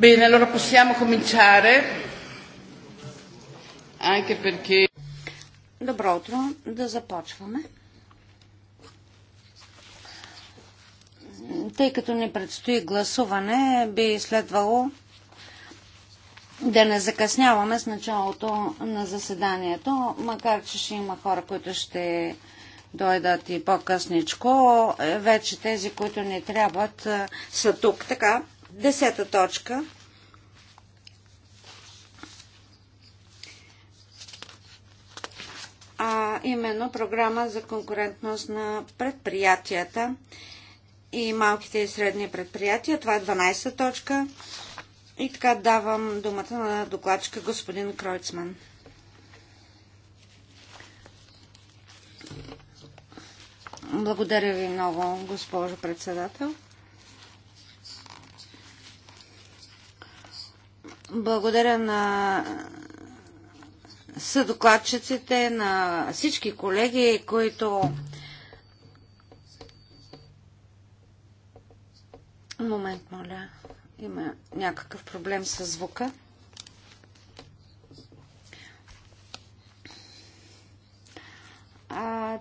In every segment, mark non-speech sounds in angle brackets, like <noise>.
Bene, allora possiamo cominciare, anche perché... Добро утро, да започваме. Тъй като ни предстои гласуване, би следвало да не закъсняваме с началото на заседанието, макар че ще има хора, които ще дойдат и по-късничко. Вече тези, които не трябват, са тук. Така, Десета точка именно програма за конкурентност на предприятията и малките и средни предприятия. Това е 12 точка. И така давам думата на докладчика господин Кройцман. Благодаря ви много, госпожо председател. Благодаря на съдокладчиците, на всички колеги, които момент, моля, има някакъв проблем с звука.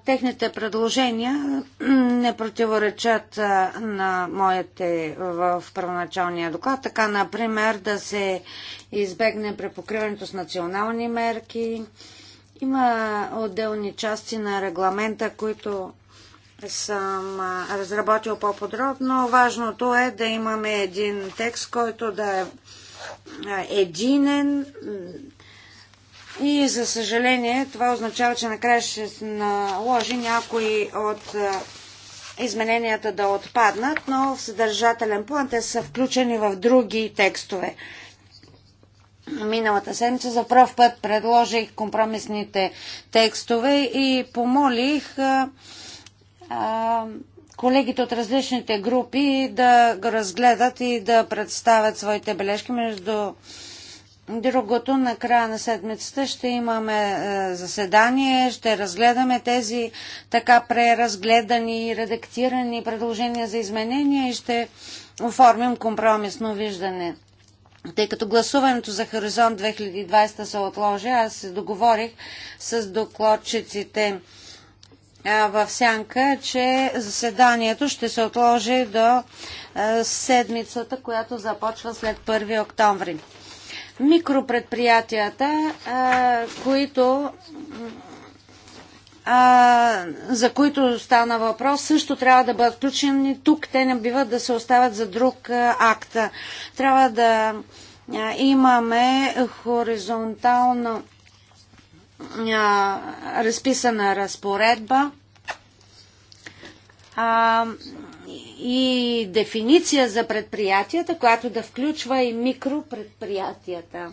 техните предложения <clears throat> не противоречат на моите в първоначалния доклад. Така, например, да се избегне препокриването с национални мерки. Има отделни части на регламента, които съм разработил по-подробно. Важното е да имаме един текст, който да е единен, и за съжаление това означава, че накрая ще се наложи някои от измененията да отпаднат, но в съдържателен план те са включени в други текстове. Миналата седмица за първ път предложих компромисните текстове и помолих а, а, колегите от различните групи да го разгледат и да представят своите бележки между Другото, на края на седмицата ще имаме е, заседание, ще разгледаме тези така преразгледани и редактирани предложения за изменения и ще оформим компромисно виждане. Тъй като гласуването за Хоризонт 2020 се отложи, аз се договорих с докладчиците е, в сянка, че заседанието ще се отложи до е, седмицата, която започва след 1 октомври микропредприятията, които за които стана въпрос, също трябва да бъдат включени тук. Те не биват да се оставят за друг акт. Трябва да имаме хоризонтално разписана разпоредба и дефиниция за предприятията, която да включва и микропредприятията.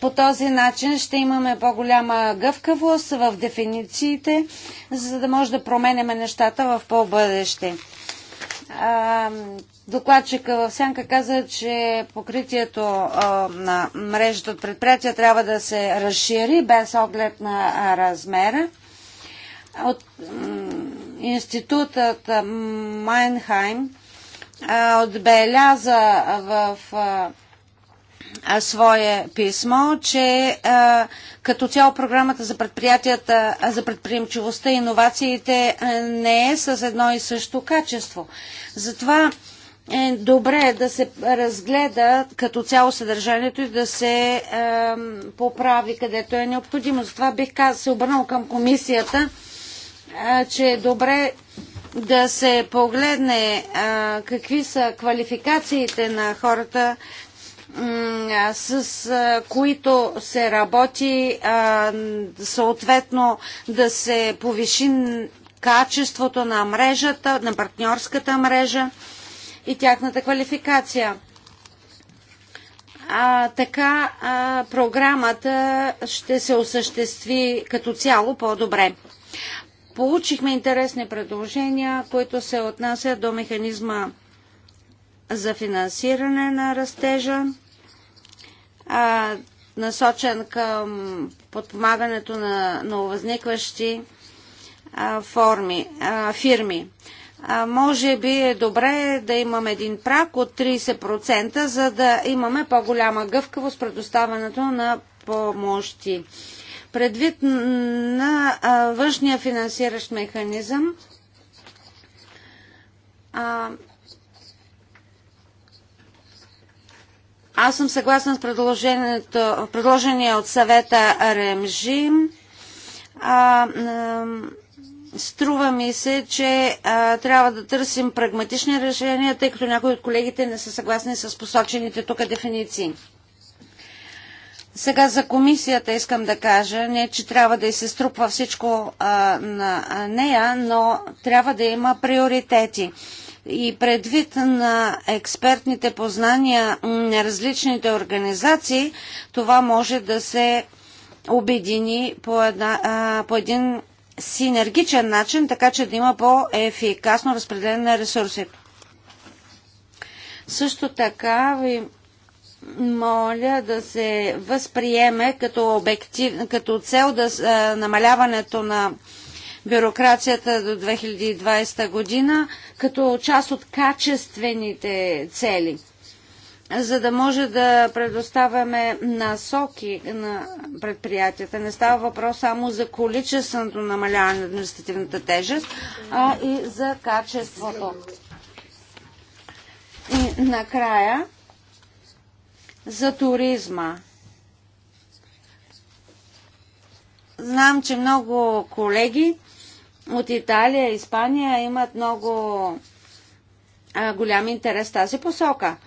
По този начин ще имаме по-голяма гъвкавост в дефинициите, за да може да променяме нещата в по-бъдеще. Докладчика в Сянка каза, че покритието а, на мрежата от предприятия трябва да се разшири без оглед на размера. От институтът Майнхайм отбеляза в а, свое писмо, че а, като цяло програмата за предприятията, за предприемчивостта и иновациите не е с едно и също качество. Затова е добре е да се разгледа като цяло съдържанието и да се е, поправи където е необходимо. Затова бих каз, се обърнал към комисията, е, че е добре да се погледне е, какви са квалификациите на хората, с е, които се работи, е, съответно да се повиши качеството на мрежата, на партньорската мрежа и тяхната квалификация. А, така а, програмата ще се осъществи като цяло по-добре. Получихме интересни предложения, които се отнасят до механизма за финансиране на растежа, а, насочен към подпомагането на нововъзникващи форми, а, фирми може би е добре да имаме един прак от 30%, за да имаме по-голяма гъвкавост предоставянето на помощи. Предвид на външния финансиращ механизъм, аз съм съгласна с предложението, предложения от съвета РМЖИМ. А, а, Струва ми се, че а, трябва да търсим прагматични решения, тъй като някои от колегите не са съгласни с посочените тук дефиниции. Сега за комисията искам да кажа, не че трябва да се струпва всичко а, на нея, но трябва да има приоритети. И предвид на експертните познания на различните организации, това може да се обедини по, една, а, по един синергичен начин, така че да има по-ефикасно разпределение на ресурси. Също така ви моля да се възприеме като, обектив, като цел да, а, намаляването на бюрокрацията до 2020 година като част от качествените цели – за да може да предоставяме насоки на предприятията. Не става въпрос само за количественото намаляване на административната тежест, а и за качеството. И накрая за туризма. Знам, че много колеги от Италия и Испания имат много голям интерес в тази посока –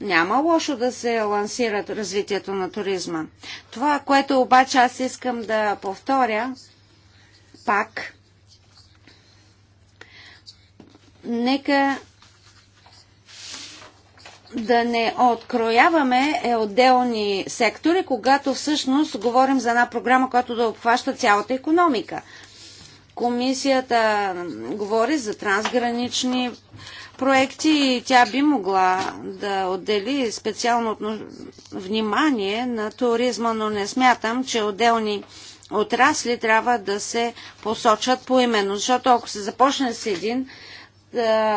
няма лошо да се лансират развитието на туризма. Това, което обаче аз искам да повторя, пак, нека да не открояваме отделни сектори, когато всъщност говорим за една програма, която да обхваща цялата економика. Комисията говори за трансгранични проекти и тя би могла да отдели специално внимание на туризма, но не смятам, че отделни отрасли трябва да се посочат поименно, защото ако се започне с един,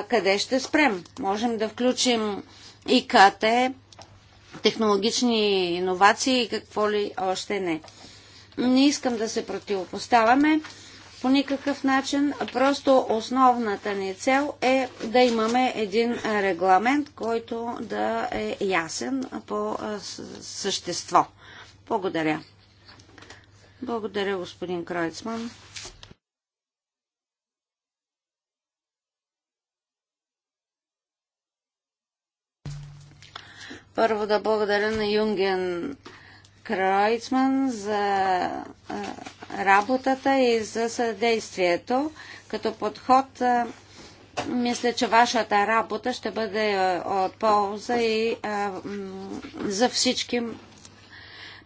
къде ще спрем? Можем да включим ИКТ, технологични иновации и какво ли още не. Не искам да се противопоставаме по никакъв начин. Просто основната ни цел е да имаме един регламент, който да е ясен по същество. Благодаря. Благодаря, господин Кройцман. Първо да благодаря на Юнген Кройцман за работата и за съдействието. Като подход мисля, че вашата работа ще бъде от полза и за всички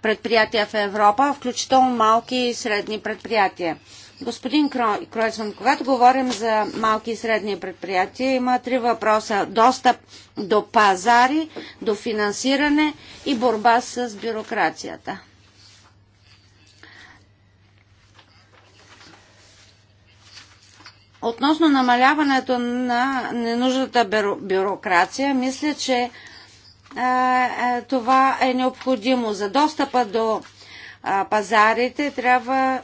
предприятия в Европа, включително малки и средни предприятия. Господин Кройцман, когато говорим за малки и средни предприятия, има три въпроса. Достъп до пазари, до финансиране и борба с бюрокрацията. Относно намаляването на ненужната бюрокрация, мисля, че е, това е необходимо. За достъпа до пазарите трябва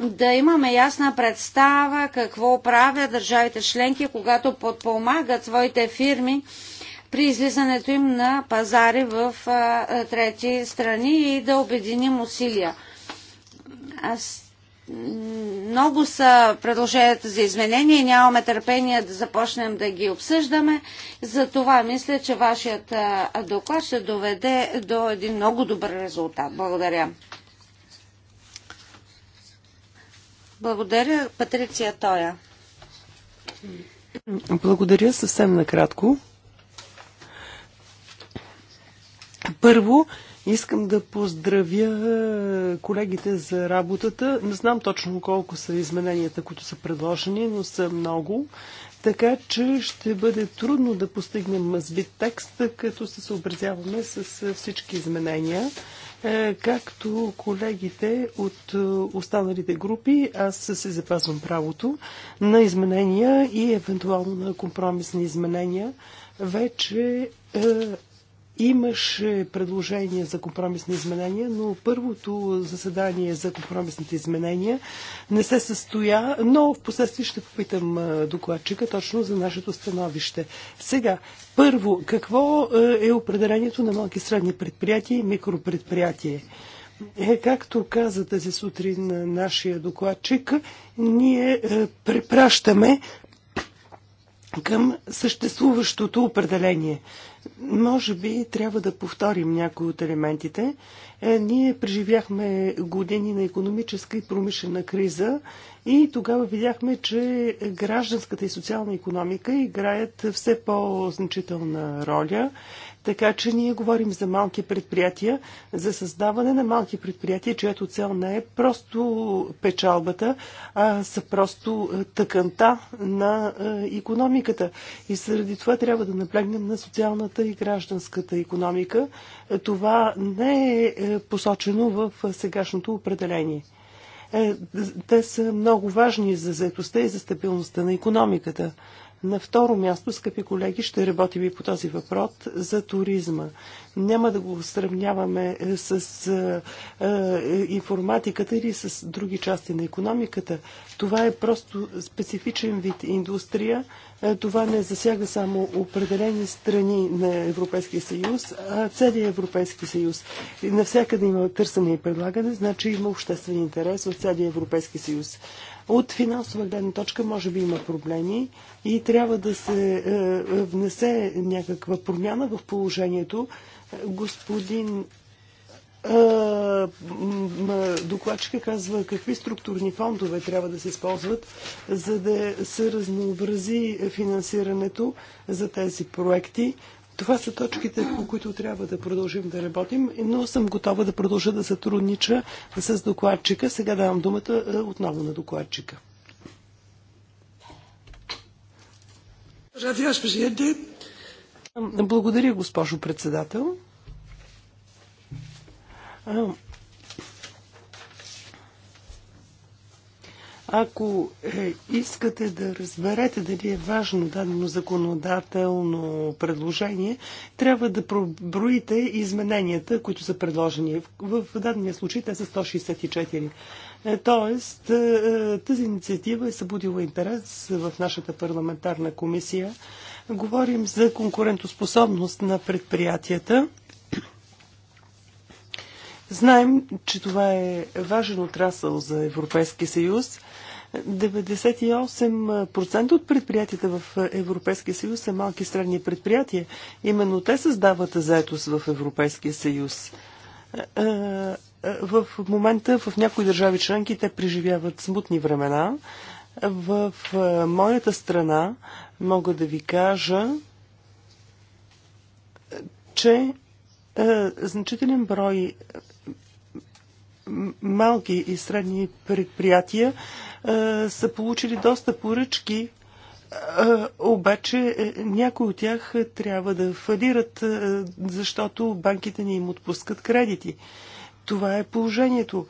да имаме ясна представа какво правят държавите членки, когато подпомагат своите фирми при излизането им на пазари в трети страни и да обединим усилия. Аз много са предложенията за изменения и нямаме търпение да започнем да ги обсъждаме. за това мисля, че вашият доклад ще доведе до един много добър резултат. Благодаря. Благодаря, Патриция Тоя. Благодаря съвсем накратко. Първо, искам да поздравя колегите за работата. Не знам точно колко са измененията, които са предложени, но са много. Така че ще бъде трудно да постигнем мъзбит текст, като се съобразяваме с всички изменения. Е, както колегите от е, останалите групи, аз се запазвам правото на изменения и евентуално на компромисни изменения. Вече е, Имаше предложение за компромисни изменения, но първото заседание за компромисните изменения не се състоя, но в последствие ще попитам докладчика точно за нашето становище. Сега, първо, какво е определението на малки и средни предприятия и микропредприятие? Е, както каза тази сутрин нашия докладчик, ние е, препращаме към съществуващото определение. Може би трябва да повторим някои от елементите. Е, ние преживяхме години на економическа и промишлена криза и тогава видяхме, че гражданската и социална економика играят все по-значителна роля. Така че ние говорим за малки предприятия, за създаване на малки предприятия, чието цел не е просто печалбата, а са просто е, тъканта на економиката. И заради това трябва да наблегнем на социалната и гражданската економика. Е, това не е, е посочено в сегашното определение. Те са много важни за заетостта и за стабилността на економиката. На второ място, скъпи колеги, ще работим и по този въпрос за туризма. Няма да го сравняваме е, с е, е, информатиката или с други части на економиката. Това е просто специфичен вид индустрия. Е, това не засяга само определени страни на Европейския съюз, а целият Европейски съюз. Навсякъде има търсене и предлагане, значи има обществен интерес от целият Европейски съюз. От финансова гледна точка може би има проблеми и трябва да се е, е, внесе някаква промяна в положението. Господин е, докладчика казва какви структурни фондове трябва да се използват, за да се разнообрази финансирането за тези проекти. Това са точките, по които трябва да продължим да работим, но съм готова да продължа да сътруднича с докладчика. Сега давам думата е, отново на докладчика. Благодаря, госпожо председател. Ако е, искате да разберете дали е важно дадено законодателно предложение, трябва да проброите измененията, които са предложени. В, в дадения случай те са 164. Е, тоест, е, е, тази инициатива е събудила интерес в нашата парламентарна комисия. Говорим за конкурентоспособност на предприятията. Знаем, че това е важен отрасъл за Европейския съюз. 98% от предприятията в Европейския съюз са малки и средни предприятия. Именно те създават заетост в Европейския съюз. Е, е, в момента в някои държави членки те преживяват смутни времена. В е, моята страна мога да ви кажа, че значителен брой малки и средни предприятия е, са получили доста поръчки, е, обаче е, някои от тях трябва да фалират, защото банките не им отпускат кредити. Това е положението.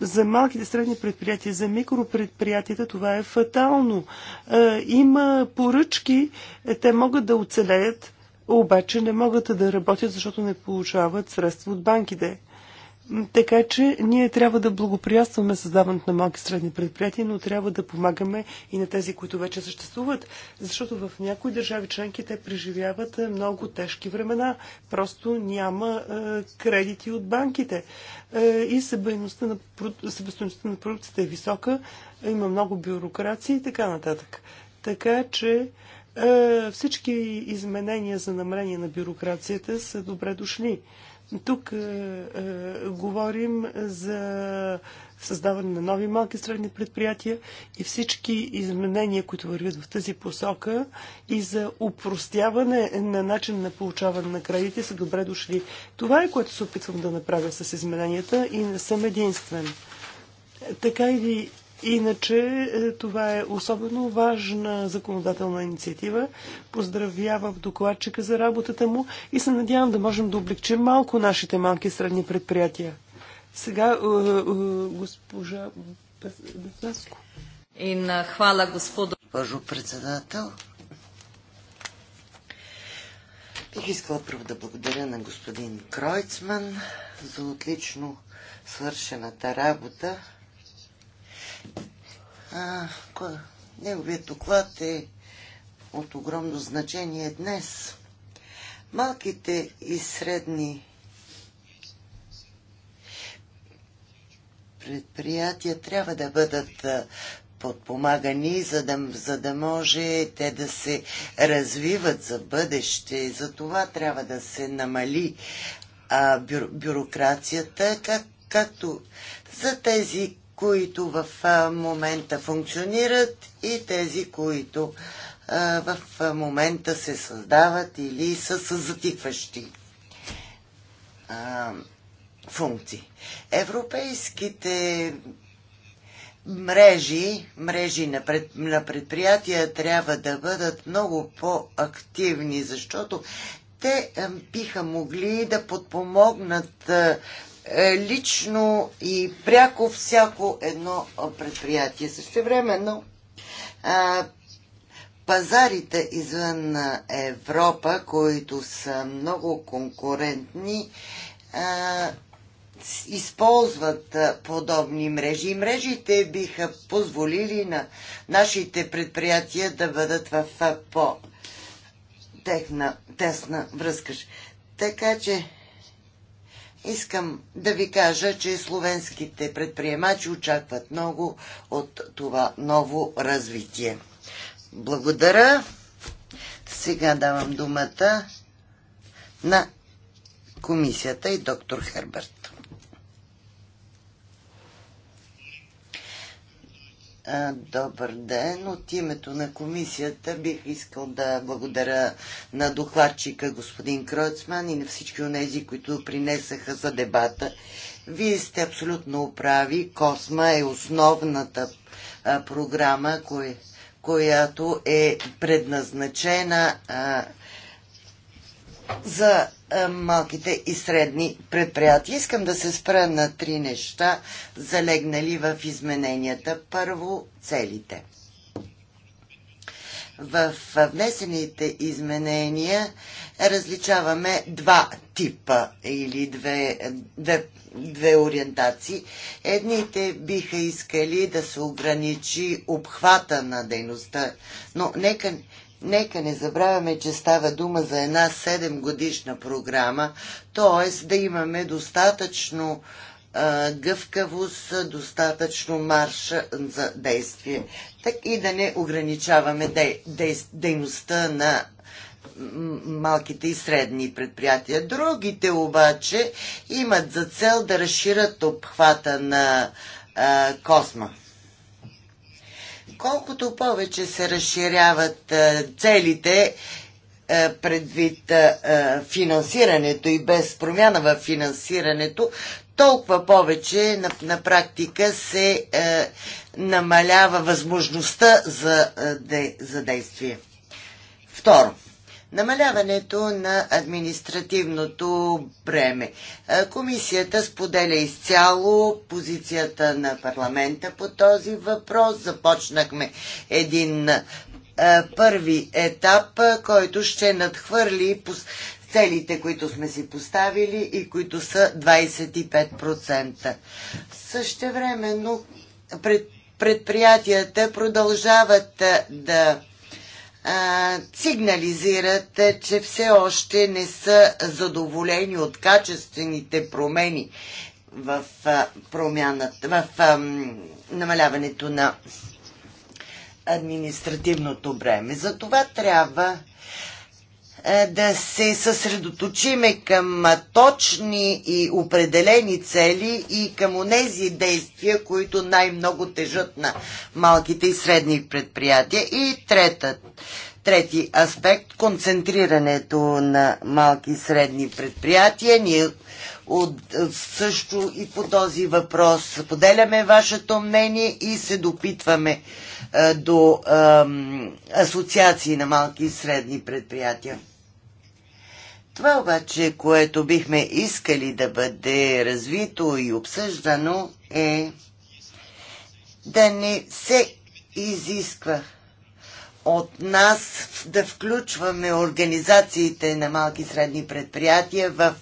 За малките средни предприятия, за микропредприятията това е фатално. Има поръчки, те могат да оцелеят, обаче не могат да работят, защото не получават средства от банките. Така че ние трябва да благоприятстваме създаването на малки и средни предприятия, но трябва да помагаме и на тези, които вече съществуват. Защото в някои държави членки те преживяват е, много тежки времена. Просто няма е, кредити от банките. Е, и себестойността на, себестойността на продукцията е висока, има много бюрокрация и така нататък. Така че е, всички изменения за намерение на бюрокрацията са добре дошли. Тук е, е, говорим за създаване на нови малки средни предприятия и всички изменения, които вървят в тази посока и за упростяване на начин на получаване на кредити са добре дошли. Това е което се опитвам да направя с измененията и не съм единствен. Така или Иначе е, това е особено важна законодателна инициатива. Поздравявам докладчика за работата му и се надявам да можем да облегчим малко нашите малки и средни предприятия. Сега е, е, госпожа Безаско. И на хвала господу. Госпожо председател, бих искала първо да благодаря на господин Кройцман за отлично свършената работа Неговият доклад е от огромно значение днес. Малките и средни предприятия трябва да бъдат подпомагани, за да, за да може те да се развиват за бъдеще. За това трябва да се намали а, бюр, бюрокрацията, как, както за тези които в момента функционират и тези, които в момента се създават или са с затикващи функции. Европейските мрежи, мрежи на, пред, на предприятия трябва да бъдат много по-активни, защото те биха могли да подпомогнат е, лично и пряко всяко едно предприятие. Също времено пазарите извън Европа, които са много конкурентни, използват подобни мрежи. И мрежите биха позволили на нашите предприятия да бъдат в по-тесна връзка. Така че Искам да ви кажа, че словенските предприемачи очакват много от това ново развитие. Благодаря. Сега давам думата на комисията и доктор Херберт. Добър ден. От името на комисията бих искал да благодаря на докладчика господин Кройцман и на всички от тези, които принесаха за дебата. Вие сте абсолютно прави. Косма е основната програма, която е предназначена за е, малките и средни предприятия. Искам да се спра на три неща, залегнали в измененията. Първо, целите. В внесените изменения различаваме два типа или две, две, две ориентации. Едните биха искали да се ограничи обхвата на дейността, но нека Нека не забравяме, че става дума за една 7 годишна програма, т.е. да имаме достатъчно а, гъвкавост, достатъчно марш за действие. Так и да не ограничаваме дей, дей, дейността на малките и средни предприятия. Другите обаче имат за цел да разширят обхвата на а, Косма колкото повече се разширяват целите предвид финансирането и без промяна в финансирането, толкова повече на, на практика се е, намалява възможността за, де, за действие. Второ, Намаляването на административното бреме. Е, комисията споделя изцяло позицията на парламента по този въпрос. Започнахме един е, първи етап, който ще надхвърли целите, които сме си поставили и които са 25%. Същевременно предприятията продължават е, да сигнализират, че все още не са задоволени от качествените промени в а, промяната, в а, намаляването на административното бреме. За това трябва е, да се съсредоточиме към точни и определени цели и към онези действия, които най-много тежат на малките и средни предприятия. И трета, трети аспект – концентрирането на малки и средни предприятия. Ние от, също и по този въпрос поделяме вашето мнение и се допитваме до асоциации на малки и средни предприятия. Това обаче, което бихме искали да бъде развито и обсъждано е да не се изисква от нас да включваме организациите на малки и средни предприятия в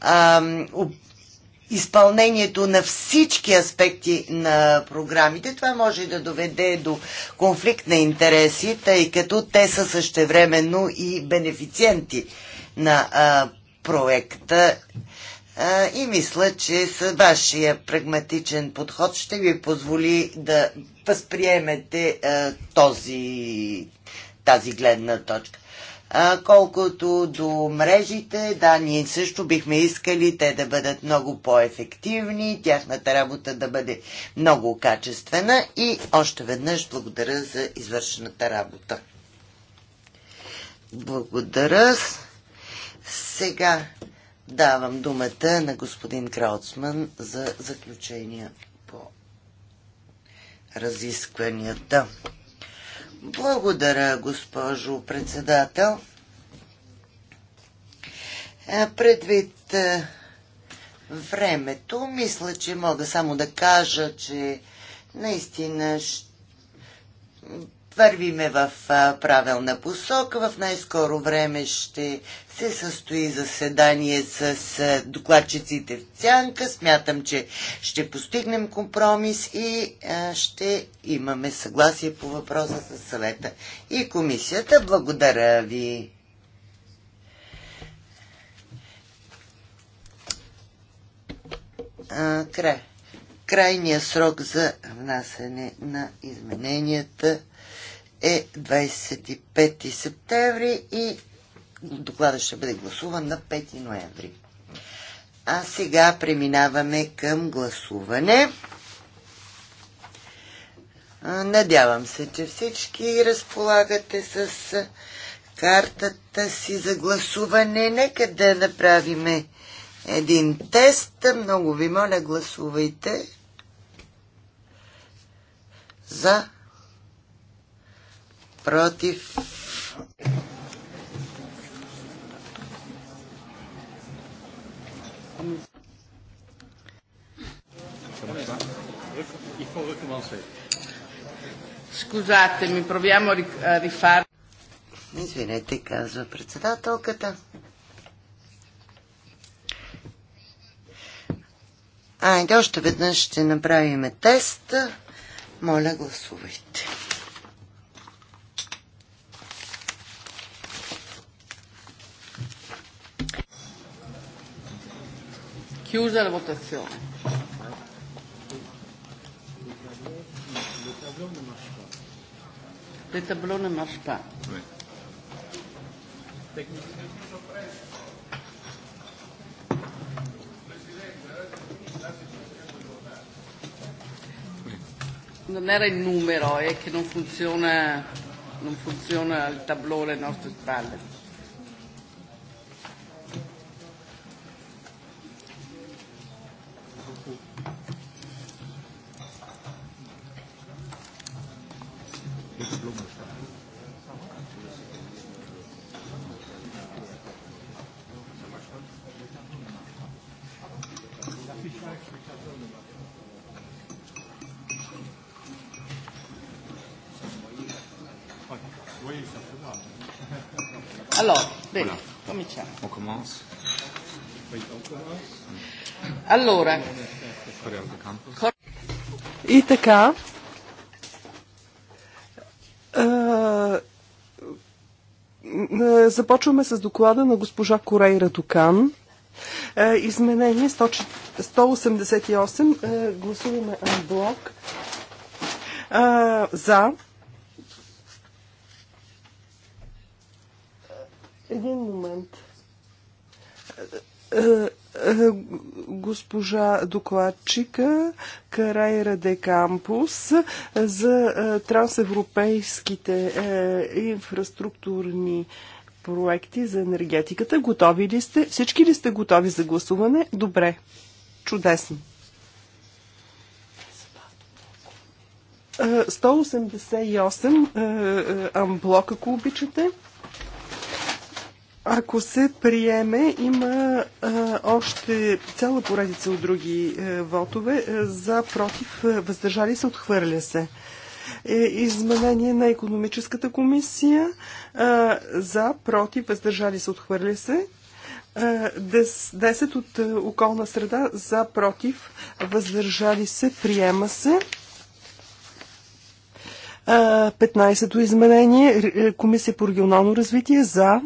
ам, изпълнението на всички аспекти на програмите. Това може да доведе до конфликт на интереси, тъй като те са същевременно и бенефициенти на а, проекта. А, и мисля, че с вашия прагматичен подход ще ви позволи да възприемете а, този, тази гледна точка. А, колкото до мрежите, да, ние също бихме искали те да бъдат много по-ефективни, тяхната работа да бъде много качествена и още веднъж благодаря за извършената работа. Благодаря. Сега давам думата на господин Краутсман за заключения по разискванията. Благодаря, госпожо председател. Предвид времето, мисля, че мога само да кажа, че наистина вървиме в правилна посока. В най-скоро време ще се състои заседание с докладчиците в Цянка. Смятам, че ще постигнем компромис и ще имаме съгласие по въпроса с съвета и комисията. Благодаря ви. Край. Крайният срок за внасяне на измененията е 25 септември и доклада ще бъде гласуван на 5 ноември. А сега преминаваме към гласуване. Надявам се, че всички разполагате с картата си за гласуване. Нека да направим един тест. Много ви моля, гласувайте за против. Скузате, ми провямо рифар. Извинете, казва председателката. Айде, още веднъж ще направим тест. Моля, гласувайте. Chiusa la votazione. Le tablone ne Non era il numero, è che non funziona, non funziona il tablone alle nostre spalle. Така, започваме с доклада на госпожа Корей Токан. Изменение 188. Гласуваме А, За. Един момент госпожа докладчика Карайра де Кампус за е, трансевропейските е, инфраструктурни проекти за енергетиката. Готови ли сте? Всички ли сте готови за гласуване? Добре. Чудесно. 188 е, амблок, ако обичате. Ако се приеме, има а, още цяла поредица от други а, вотове а, за, против, а, въздържали се, отхвърля се. Е, изменение на економическата комисия а, за, против, въздържали се, отхвърля се. 10 от околна среда за против, въздържали се, приема се. 15-то изменение, е, Комисия по регионално развитие за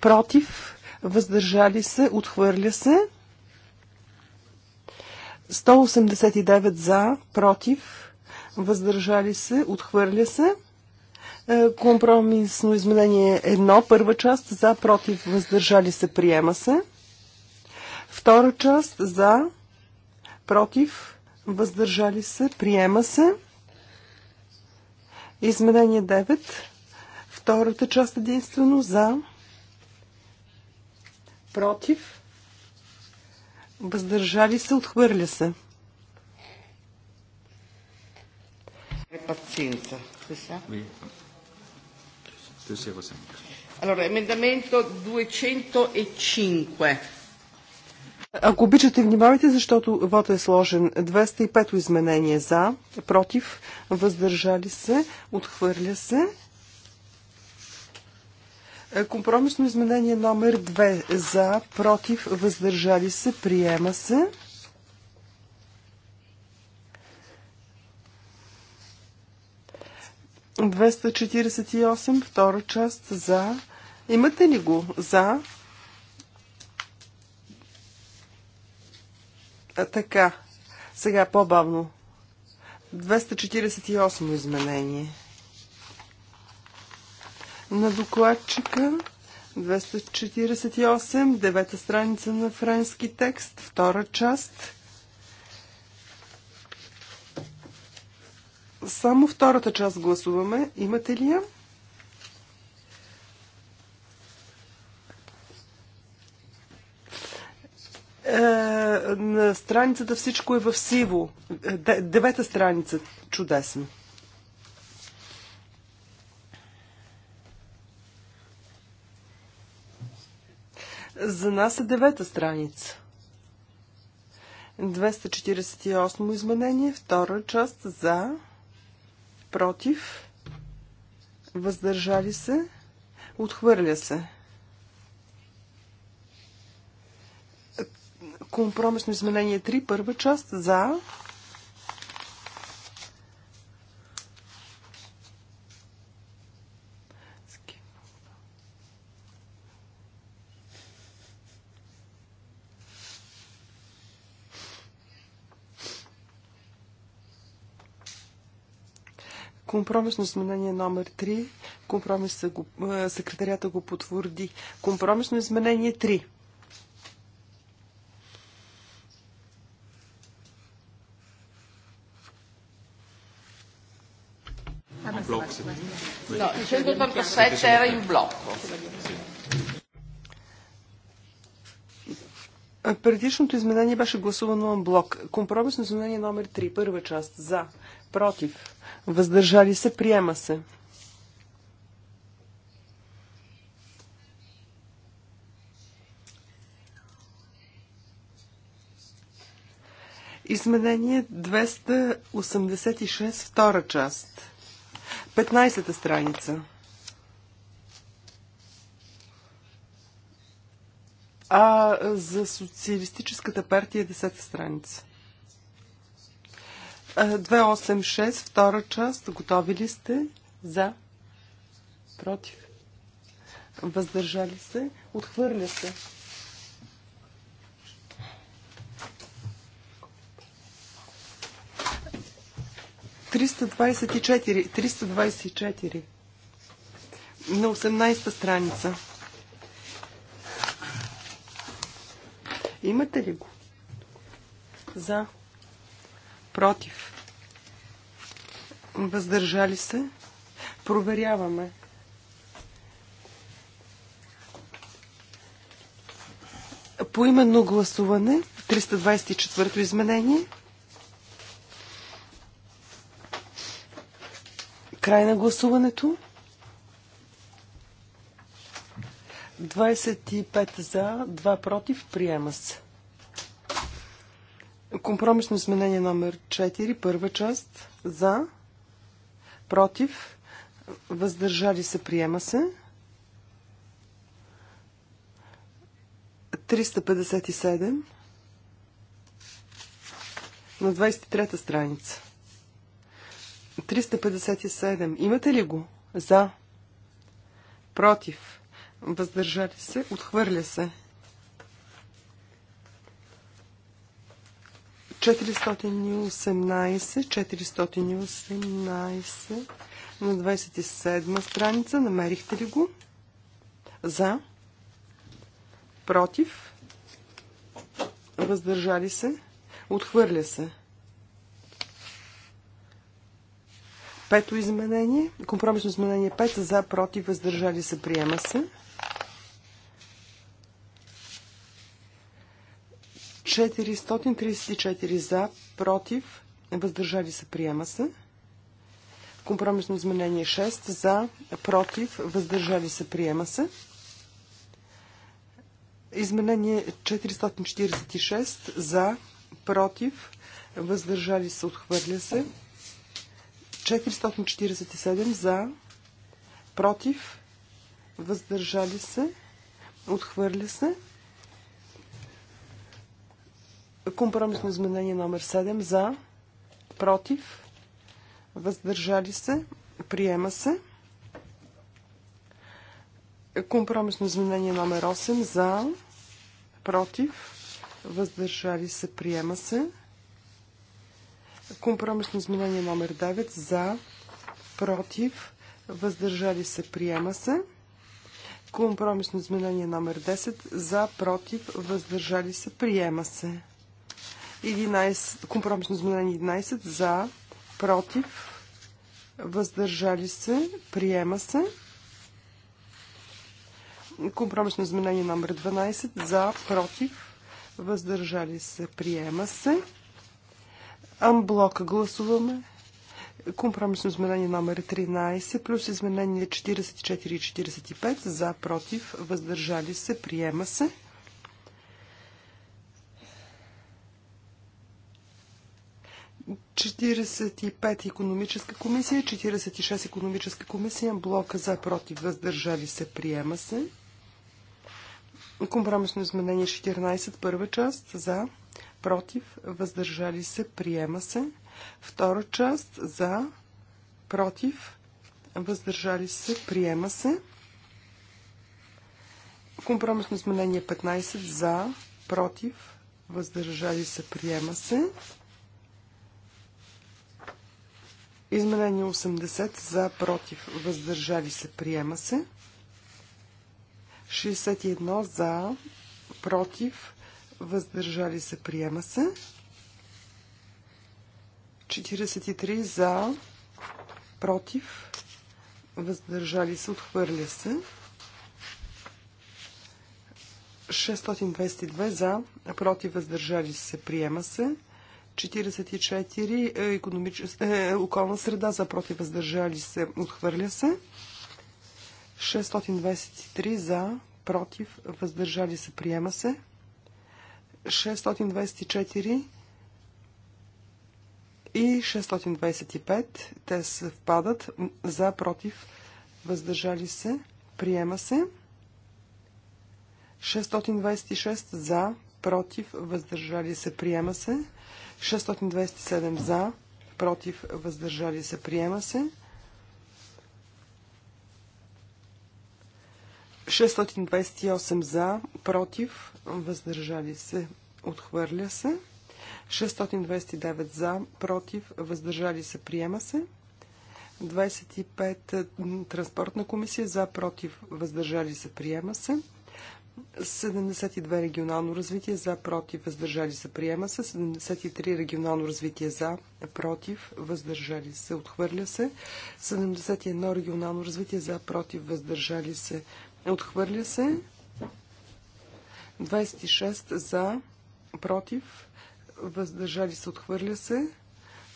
против, въздържали се, отхвърля се. 189 за, против, въздържали се, отхвърля се. Е, компромисно изменение 1, първа част, за, против, въздържали се, приема се. Втора част, за, против, въздържали се, приема се. Изменение 9, втората част единствено, за, против, въздържали се, отхвърля се. Pazienza, questa? Oui. 205. Allora, emendamento 205. Ако обичате, внимавайте, защото вода е сложен. 205 изменение за, против, въздържали се, отхвърля се. Компромисно изменение номер 2 за, против, въздържали се, приема се. Двеста втора част за. Имате ли го? За. А, така. Сега по-бавно. 248 изменение на докладчика. 248, девета страница на френски текст, втора част. Само втората част гласуваме. Имате ли я? Е, на страницата всичко е в сиво. Е, девета страница. Чудесно. За нас е девета страница. 248 изменение, втора част за, против, въздържали се, отхвърля се. Компромисно изменение 3, първа част за, Компромисно изменение номер 3. Компромис го, е, секретарията го потвърди. Компромисно изменение 3. No, il 187 era in blocco. Предишното изменение беше гласувано на блок. Компромисно изменение номер 3, първа част. За. Против. Въздържали се. Приема се. Изменение 286, втора част. 15-та страница. а за Социалистическата партия десета страница. 286, втора част. Готови ли сте? За. Против. Въздържали се. Отхвърля се. Триста двадесет и четири. Триста двадесет и четири. На 18-та страница. Имате ли го? За. Против. Въздържали се. Проверяваме. По именно гласуване 324 то изменение. Край на гласуването. 25 за, 2 против, приема се. Компромисно изменение номер 4, първа част, за, против, въздържали се, приема се. 357 на 23-та страница. 357. Имате ли го? За. Против въздържали се, отхвърля се. 418, 418 на 27 страница. Намерихте ли го? За. Против. Въздържали се. Отхвърля се. Пето изменение. Компромисно изменение 5. За, против, въздържали се, приема се. 434 за, против, въздържали се, приема се. Компромисно изменение 6 за, против, въздържали се, приема се. Изменение 446 за, против, въздържали се, отхвърля се. 447 за, против, въздържали се, отхвърля се. Компромисно изменение номер 7 за, против, въздържали се, приема се. Компромисно изменение номер 8 за, против, въздържали се, приема се. Компромисно изменение номер 9 за, против, въздържали се, приема се. Компромисно изменение номер 10 за, против, въздържали се, приема се. 11, компромисно изменение 11 за, против, въздържали се, приема се. Компромисно изменение номер 12 за, против, въздържали се, приема се. Амблок гласуваме. Компромисно изменение номер 13 плюс изменение 44 и 45 за, против, въздържали се, приема се. 45 економическа комисия, 46 економическа комисия, блока за против въздържали се, приема се. Компромисно изменение 14, първа част, за, против, въздържали се, приема се. Втора част, за, против, въздържали се, приема се. Компромисно изменение 15, за, против, въздържали се, приема се. Изменение 80 за, против, въздържали се, приема се. 61 за, против, въздържали се, приема се. 43 за, против, въздържали се, отхвърля се. 622 за, против, въздържали се, приема се. 44 е, економичес... е, околна среда за против въздържали се отхвърля се. 623 за против въздържали се приема се. 624 и 625 те се впадат за против въздържали се приема се. 626 за против въздържали се приема се. 627 за, против, въздържали се, приема се. 628 за, против, въздържали се, отхвърля се. 629 за, против, въздържали се, приема се. 25 транспортна комисия за, против, въздържали се, приема се. 72 регионално развитие за, против, въздържали се, приема се. 73 регионално развитие за, против, въздържали се, отхвърля се. 71 регионално развитие за, против, въздържали се, отхвърля се. 26 за, против, въздържали се, отхвърля се.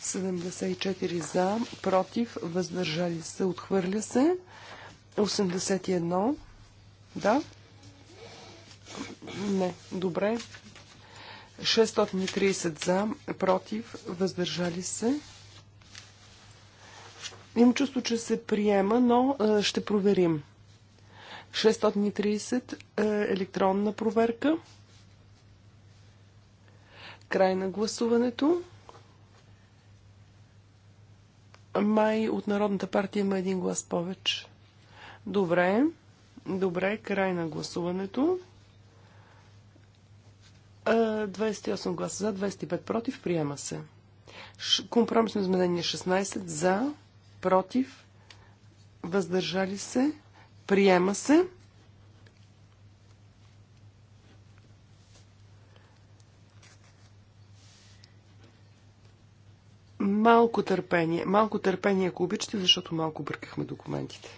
74 за, против, въздържали се, отхвърля се. 81 да, не. Добре. 630 за, против, въздържали се. Имам чувство, че се приема, но а, е, ще проверим. 630 е, електронна проверка. Край на гласуването. Май от Народната партия има един глас повече. Добре. Добре, край на гласуването. 28 гласа за, 25 против. Приема се. Компромисно изменение 16 за, против, въздържали се. Приема се. Малко търпение. Малко търпение, ако обичате, защото малко бъркахме документите.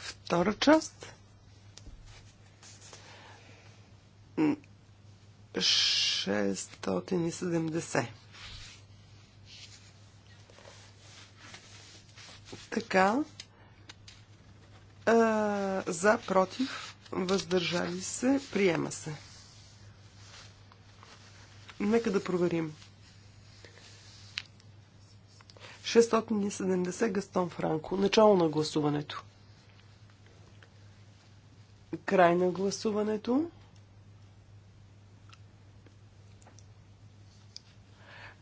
Втора част. 670. Така. А, за, против, въздържали се, приема се. Нека да проверим. 670 Гастон Франко. Начало на гласуването. Край на гласуването.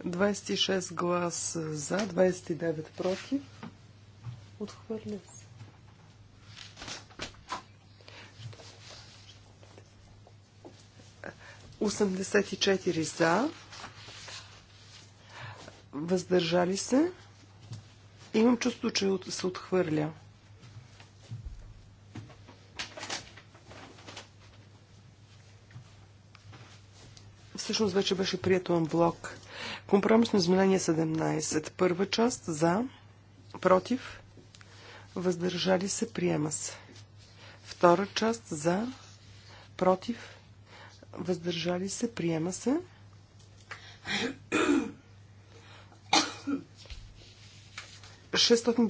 26 гласа за, 29 против. Отхвърля се. Осемдесет и четири за. Въздържали се. Имам чувство, че се отхвърля. Всъщност вече беше прието блок. Компромисно изменение 17. Първа част за, против, въздържали се, приема се. Втора част за, против, въздържали се, приема се. Шестотни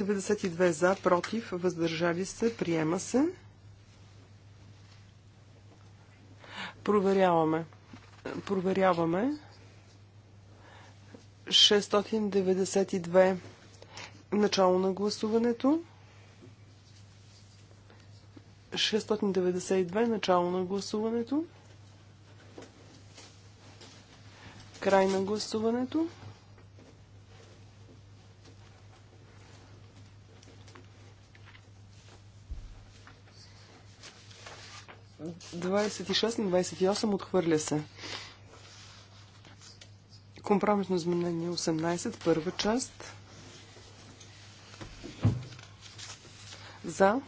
за, против, въздържали се, приема се. Проверяваме. Проверяваме. 692. Начало на гласуването. 692. Начало на гласуването. Край на гласуването. Двадесет и шест двадесет и осем отхвърля се. Компромисно изменение 18, първа част. За.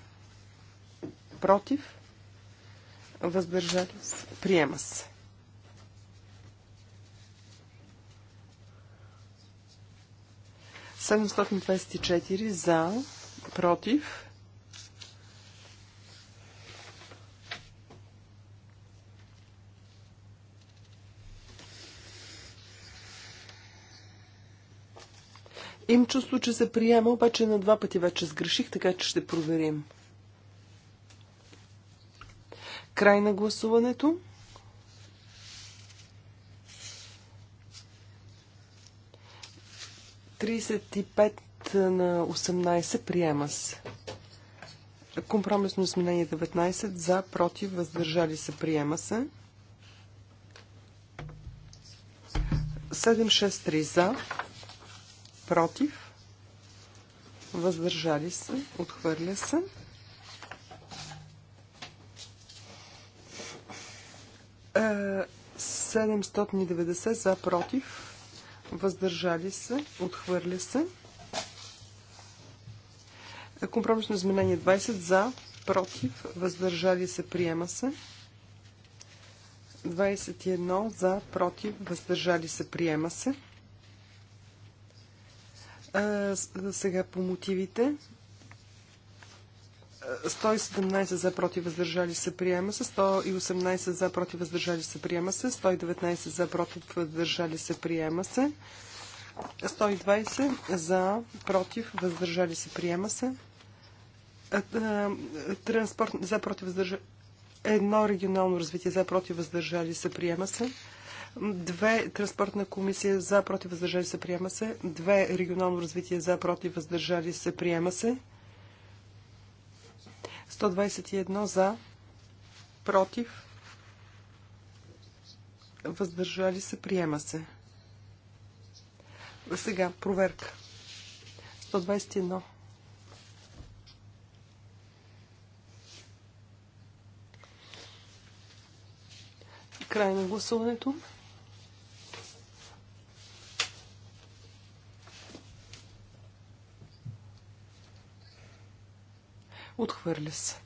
Против. Въздържали се. Приема се. 724. за, против, Им чувство, че се приема, обаче на два пъти вече сгреших, така че ще проверим. Край на гласуването. Тридесет на 18 приема се. Компромисно изменение 19 за, против, въздържали се, приема се. 7-6 763 за, против, въздържали се, отхвърля се. Е, 790 за против, въздържали се, отхвърля се. Е, компромисно изменение 20 за, против, въздържали се, приема се. 21 за, против, въздържали се, приема се сега по мотивите. 117 за против въздържали се приема се, 118 за против въздържали се приема се, 119 за против въздържали се приема се, 120 за против въздържали се приема се, транспорт за против въздържали едно регионално развитие за против въздържали се приема се. Две транспортна комисия за против въздържали се приема се. Две регионално развитие за против въздържали се приема се. 121 за против въздържали се приема се. Сега проверка. 121. край на гласуването. Отхвърля се.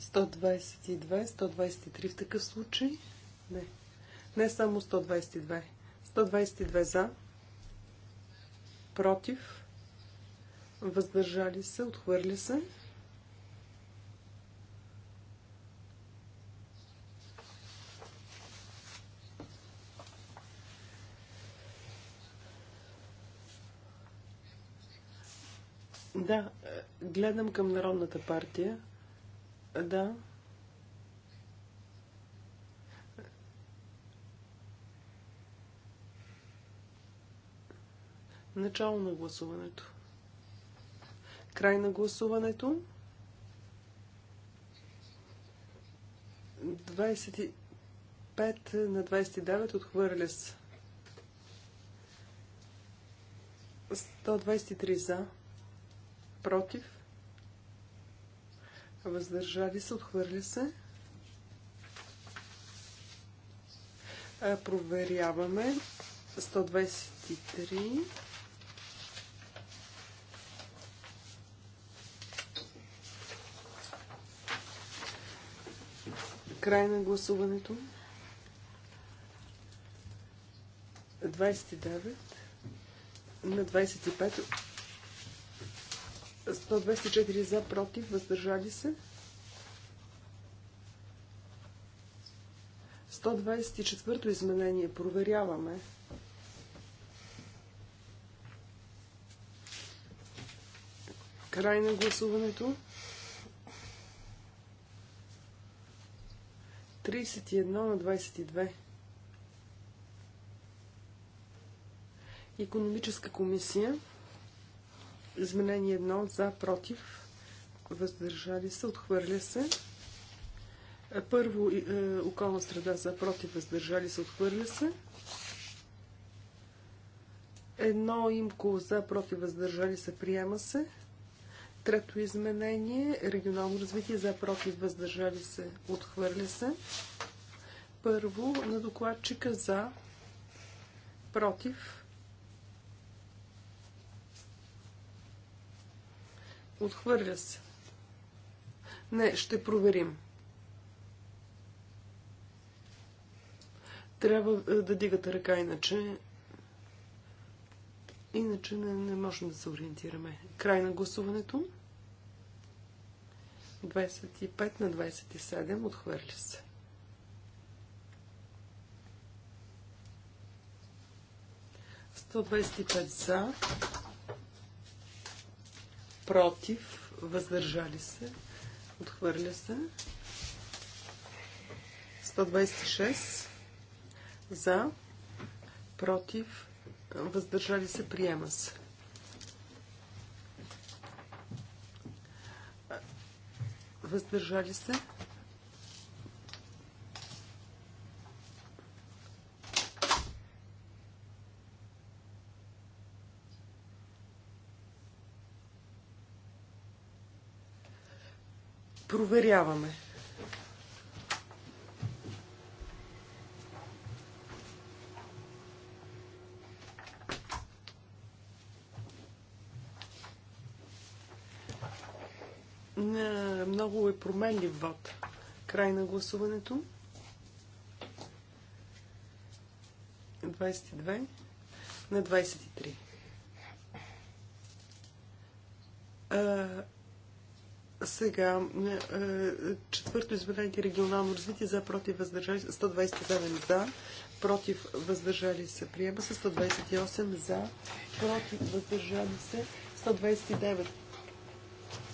122, 123 в такъв случай. Не. Не само 122. 122 за. Против. Въздържали се. Отхвърля се. Да, Гледам към Народната партия. Да. Начало на гласуването. Край на гласуването. 25 на 29 отхвърля се. 123 за против, въздържали се, отхвърля се. Е, проверяваме 123. Край на гласуването. 29 на 25 124 за, против, въздържали се. 124 то изменение. Проверяваме. Край на гласуването. 31 на 22. Економическа комисия. Изменение 1 за, против, въздържали се, отхвърля се. Първо е, околна среда за, против, въздържали се, отхвърля се. Едно имко за, против, въздържали се, приема се. Трето изменение – регионално развитие за против въздържали се, отхвърля се. Първо на докладчика за против Отхвърля се. Не, ще проверим. Трябва е, да дигате ръка, иначе... Иначе не, не можем да се ориентираме. Край на гласуването. 25 на 27 отхвърля се. Сто 125 за, против, въздържали се, отхвърля се. 126 за, против, въздържали се, приема се. Въздържали се. Проверяваме. Е, много е променлив вод. Край на гласуването. 22 на 23. Сега, е, четвърто изменение регионално развитие за против въздържали се 127 за, против въздържали се приема се 128 за, против въздържали се 129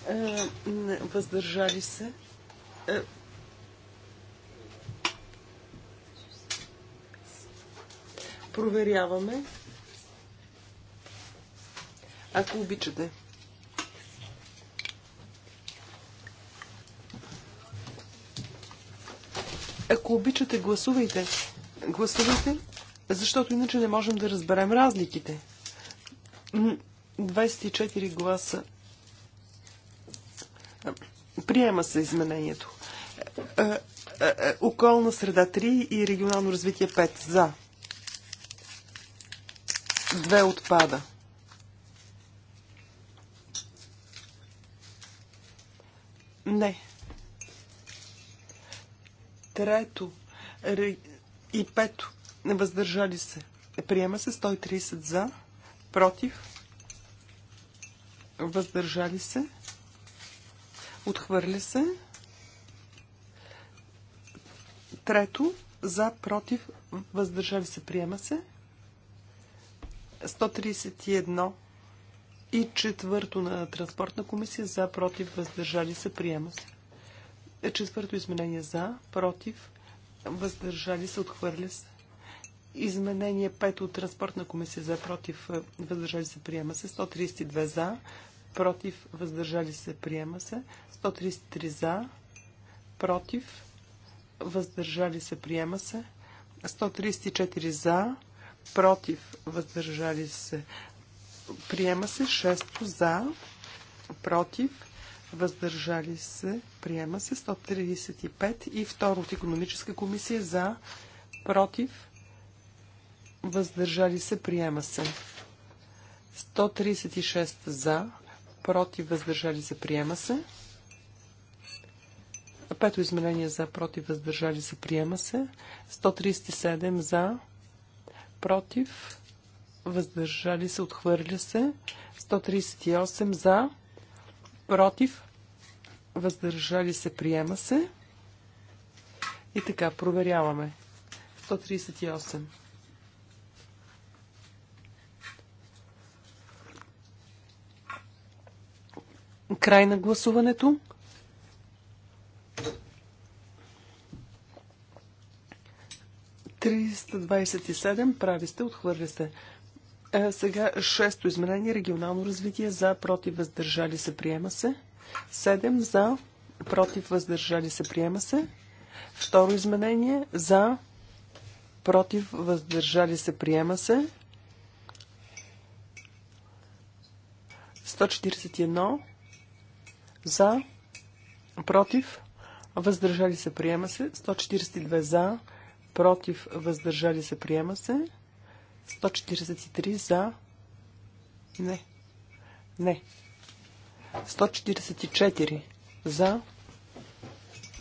е, въздържали се е, проверяваме ако обичате. Ако обичате, гласувайте. Гласувайте, защото иначе не можем да разберем разликите. 24 гласа. Приема се изменението. Е, е, е, околна среда 3 и регионално развитие 5. За. Две отпада. Не. Трето и пето. Въздържали се. Приема се 130 за. Против. Въздържали се. Отхвърля се. Трето. За, против, въздържали се, приема се. 131 и четвърто на транспортна комисия. За, против, въздържали се, приема се. Е, четвърто изменение за, против, въздържали се, отхвърля се. Изменение 5 от Транспортна комисия е, за, против, въздържали се, приема се. 132 за, против, въздържали се, приема се. 133 за, против, въздържали се, приема се. 134 за, против, въздържали се, приема се. 6 за, против, въздържали се, приема се 135 и второ от економическа комисия за, против, въздържали се, приема се 136 за, против, въздържали се, приема се. Пето изменение за, против, въздържали се, приема се. 137 за, против, въздържали се, отхвърля се. 138 за, против, въздържали се, приема се. И така, проверяваме. 138. Край на гласуването. Триста прави сте, отхвърля се. Е, сега шесто изменение. Регионално развитие. За, против, въздържали се, приема се. Седем. За, против, въздържали се, приема се. Второ изменение. За, против, въздържали се, приема се. 141 за, против, въздържали се, приема се. 142 за, против, въздържали се, приема се. 143 за. Не. Не. 144 за.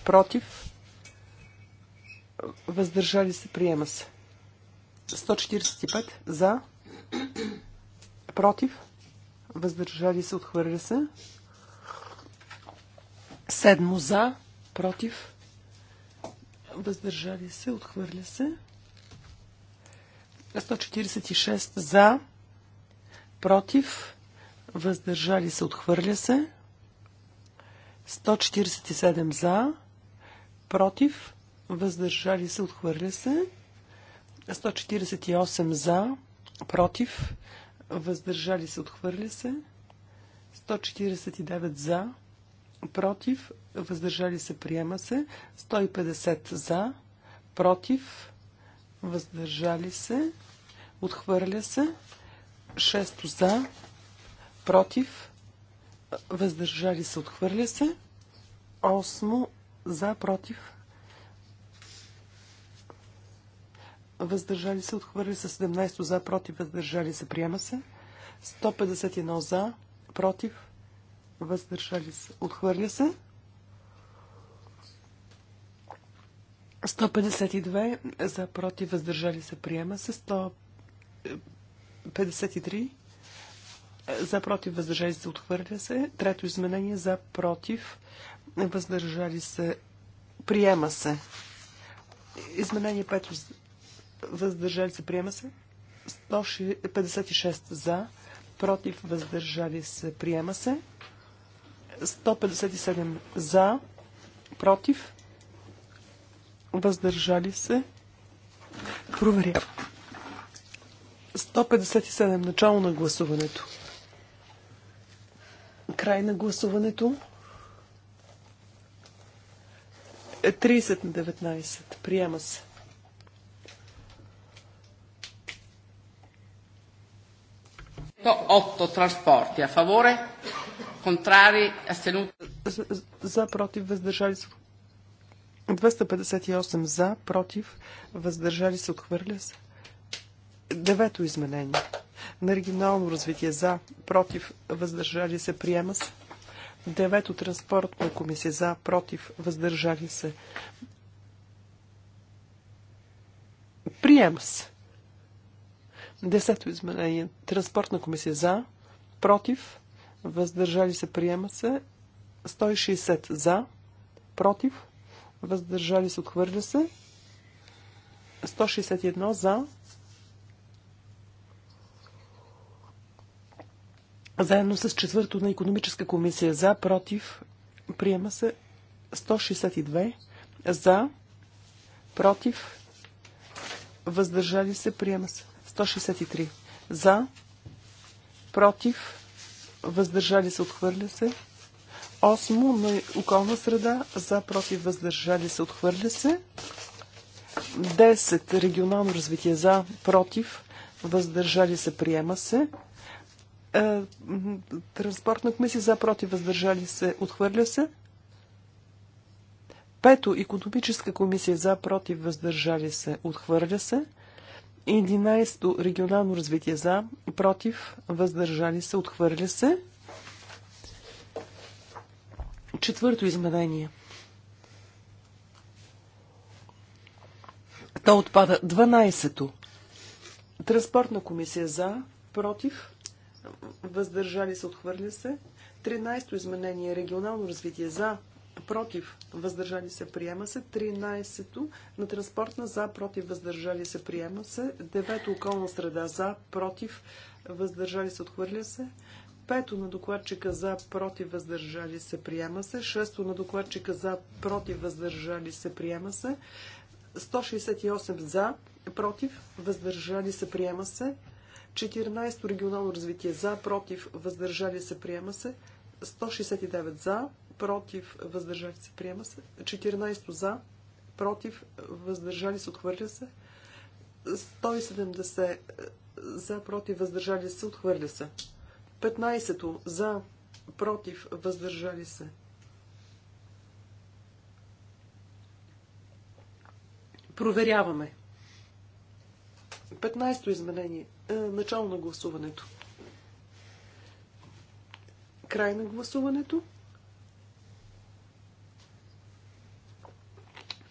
Против. Въздържали се. Приема се. 145 за. Против. Въздържали се. Отхвърля се. Седмо за. Против. Въздържали се. Отхвърля се. 146 за, против, въздържали се, отхвърля се. 147 за, против, въздържали се, отхвърля се. 148 за, против, въздържали се, отхвърля се. 149 за, против, въздържали се, приема се. 150 за, против, въздържали се. Отхвърля се. Шесто за. Против. Въздържали се. Отхвърля се. Осмо за. Против. Въздържали се. Отхвърля се. 17 за. Против. Въздържали се. Приема се. 151 за. Против. Въздържали се. Отхвърля се. 152 за против въздържали се приема се 100. 53 за против, въздържали се, отхвърля се. Трето изменение за против, въздържали се, приема се. Изменение 5 въздържали се, приема се. 156 за, против, въздържали се, приема се. 157 за, против, въздържали се, Проверявам. 157. Начало на гласуването. Край на гласуването. 30 е, на 19. Приема се. Транспорти. trasporti a favore, contrari, За, против, въздържали се. 258 за, против, въздържали се, отхвърля се. Девето изменение. На оригинално развитие за, против, въздържали се, приема се. Девето транспортна комисия за, против, въздържали се. Приема се. Десето изменение. Транспортна комисия за, против, въздържали се, приема се. 160 за, против, въздържали се, отхвърля се. 161 за, Заедно с четвърто на економическа комисия за, против, приема се 162 за, против, въздържали се, приема се 163 за, против, въздържали се, отхвърля се. Осмо на околна среда, за, против, въздържали се, отхвърля се. 10 регионално развитие за, против, въздържали се, приема се. Е, транспортна комисия за против въздържали се. Отхвърля се. Пето. Економическа комисия за против въздържали се. Отхвърля се. 11. Регионално развитие за против въздържали се. Отхвърля се. Четвърто изменение. То отпада 12 Транспортна комисия за, против, въздържали се, отхвърля се. 13-то изменение, регионално развитие за, против, въздържали се, приема се. 13-то на транспортна за, против, въздържали се, приема се. 9-то околна среда за, против, въздържали се, отхвърля се. Пето на докладчика за против въздържали се приема се. Шесто на докладчика за против въздържали се приема се. 168 за против въздържали се приема се. 14 регионално развитие за, против, въздържали се, приема се. 169 за, против, въздържали се, приема се. 14 за, против, въздържали се, отхвърля се. 170 е, за, против, въздържали се, отхвърля се. 15 за, против, въздържали се. Проверяваме. 15-то изменение. Е, начало на гласуването. Край на гласуването.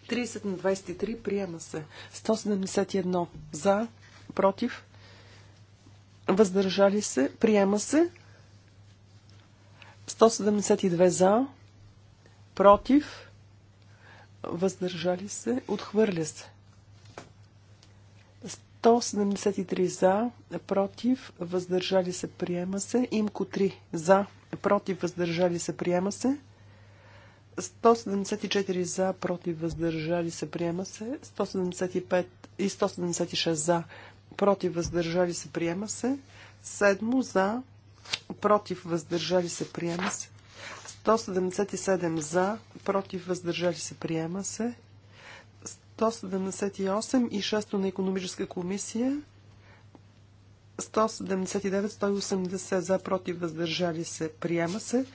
30 на 23 приема се. 171 за, против, въздържали се, приема се. 172 за, против, въздържали се, отхвърля се. 173 за, против, въздържали се, приема се. Имко 3 за, против, въздържали се, приема се. 174 за, против, въздържали се, приема се. 175 и 176 за, против, въздържали се, приема се. 7 за, против, въздържали се, приема се. 177 за, против, въздържали се, приема се. 178 и 6 на економическа комисия. 179, 180 за, против, въздържали се, приема се.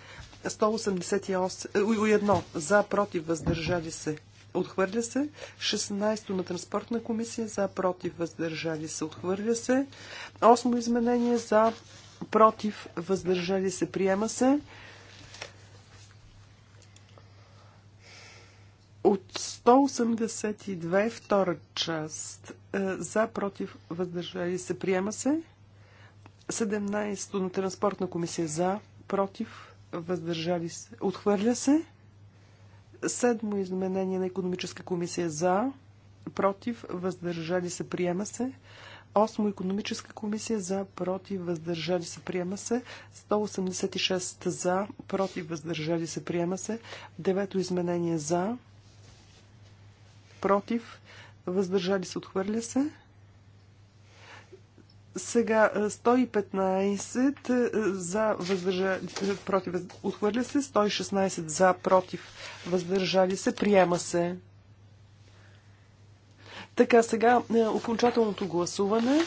188-1 за, против, въздържали се, отхвърля се. 16 на транспортна комисия за, против, въздържали се, отхвърля се. 8 изменение за, против, въздържали се, приема се. От 182 втора част е, за, против, въздържали се, приема се. 17 на транспортна комисия за, против, въздържали се, отхвърля се. Седмо изменение на економическа комисия за, против, въздържали се, приема се. Осмо економическа комисия за, против, въздържали се, приема се. 186 за, против, въздържали се, приема се. Девето изменение за, против, въздържали се, отхвърля се. Сега 115 за въздържали, против, отхвърля се, 116 за против, въздържали се, приема се. Така, сега окончателното гласуване.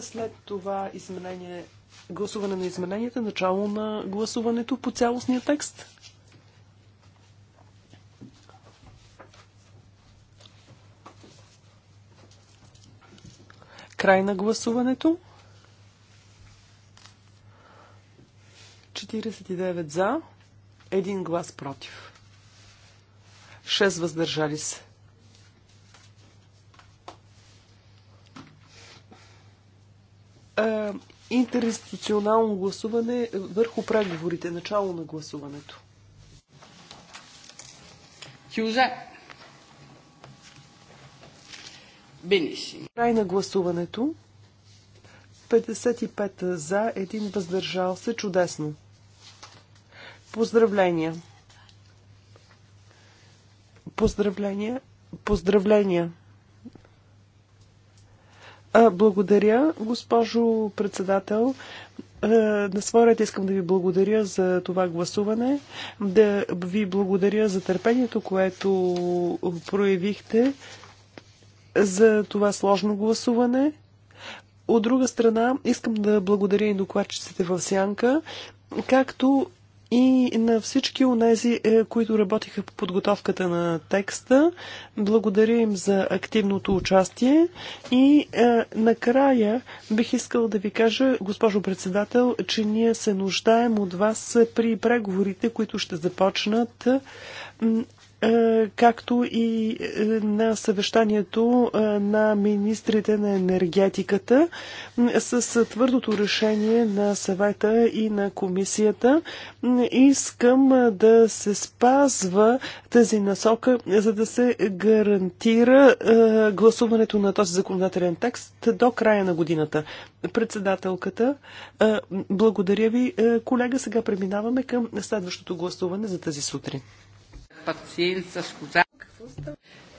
След това изменение, гласуване на измененията, начало на гласуването по цялостния текст. Край на гласуването. 49 за, 1 глас против. 6 въздържали се. интерституционално гласуване върху преговорите, начало на гласуването. Хюзе. Benissimo. Край на гласуването. 55 за, един въздържал се. Чудесно. Поздравления. Поздравления. Поздравления. А, благодаря, госпожо председател. На своя ред искам да ви благодаря за това гласуване, да ви благодаря за търпението, което проявихте за това сложно гласуване. От друга страна, искам да благодаря и докладчиците в Сянка, както и на всички онези, е, които работиха по подготовката на текста. Благодаря им за активното участие. И е, накрая бих искал да ви кажа, госпожо председател, че ние се нуждаем от вас при преговорите, които ще започнат е, както и е, на съвещанието е, на министрите на енергетиката с твърдото решение на съвета и на комисията. Искам да се спазва тази насока, за да се гарантира гласуването на този законодателен текст до края на годината. Председателката, благодаря ви, колега. Сега преминаваме към следващото гласуване за тази сутрин pazienza, scusate,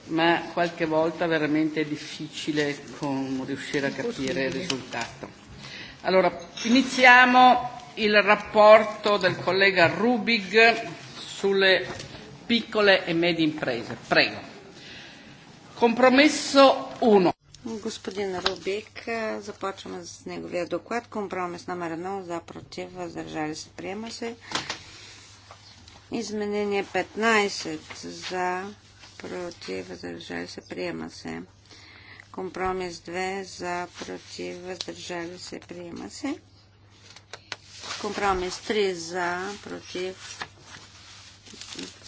ma qualche volta veramente è difficile con, riuscire a capire il risultato. Allora, iniziamo il rapporto del collega Rubig sulle piccole e medie imprese. Prego. Compromesso 1. Господин Рубик, започваме с неговия доклад. Компромис номер 1 за против, въздържали се, приема се. Изменение 15 за, против, въздържали се, приема се. Компромис 2 за, против, въздържали се, приема се. Компромис 3 за, против,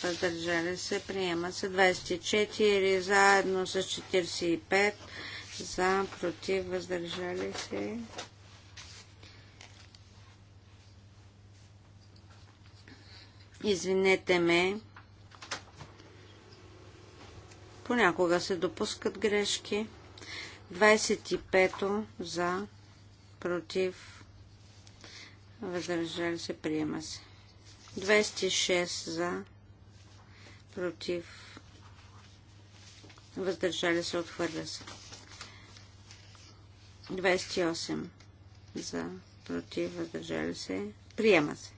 въздържали се, приема се. 24 заедно с 45 за, против, въздържали се, Извинете ме. Понякога се допускат грешки. 25 за, против, въздържали се, приема се. 26 за, против, въздържали се, отхвърля се. 28 за, против, въздържали се, приема се.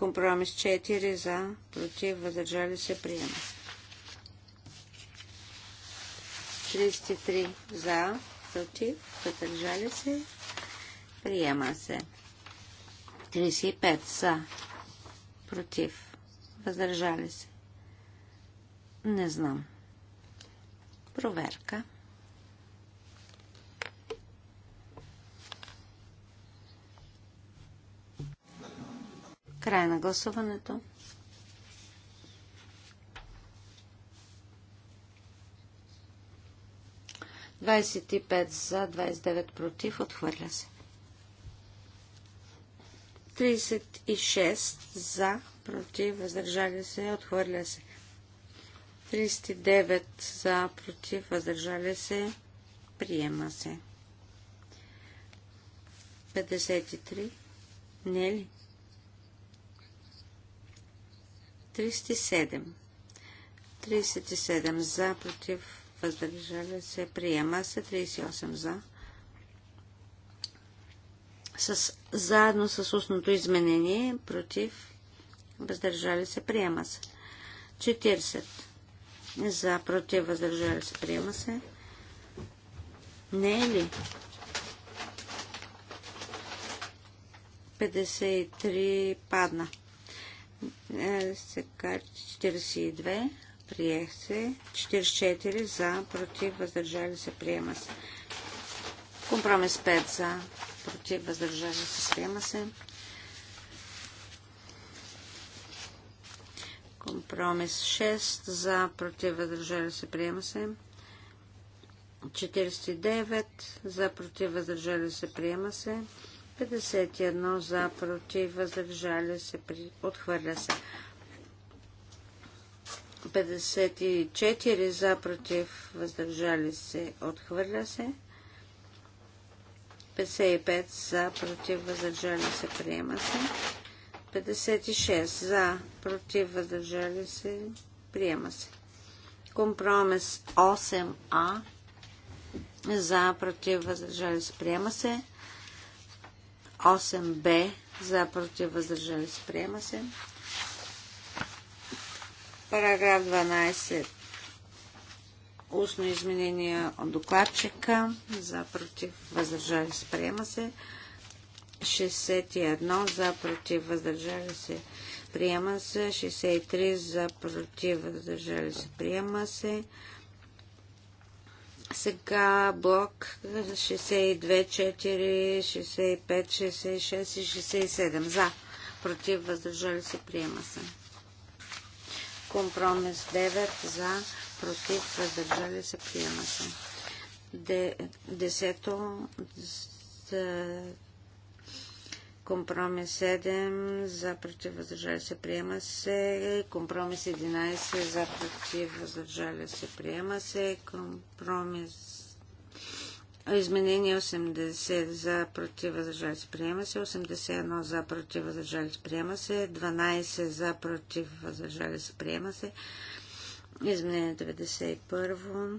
Компромис 4 за, против, въздържали се, приема. 33 за, против, въздържали се, приема се. 35 за, против, въздържали се. Не знам. Проверка. Край на гласуването. Двадесет и пет за, 29 против, отхвърля се. 36 за, против, въздържали се, отхвърля се. 39 за, против, въздържали се, приема се. 53. Не е ли? 37. 37 за, против, въздържали се, приема се. 38 за. С, заедно с устното изменение, против, въздържали се, приема се. 40 за, против, въздържали се, приема се. Не е ли? 53 падна. 42. Е, приех се. 44 за, против, въздържали се, приема се. Компромис 5 за, против, въздържали се, приема се. Компромис 6 за, против, въздържали се, приема се. 49 за, против, въздържали се, приема се. 51 за, против, въздържали се, при... отхвърля се. 54 за, против, въздържали се, отхвърля се. 55 за, против, въздържали се, приема се. 56 за, против, въздържали се, приема се. Компромис 8а за, против, въздържали се, приема се. 8Б за против въздържали се приема се. Параграф 12. Устно изменение от докладчика за против въздържали се приема се. 61 за против въздържали се приема се. 63 за против въздържали се приема се. Сега блок 62, 4, 65, 66 и 67. За. Против. Въздържали се. Приема се. Компромис 9. За. Против. Въздържали се. Приема се. Десето. Компромис 7 за против въздържали се приема се. Компромис 11 за против въздържали се приема се. Компромис Изменение 80 за против въздържали се приема се, 81 за против въздържали се приема се, 12 за против въздържали се приема се, изменение 91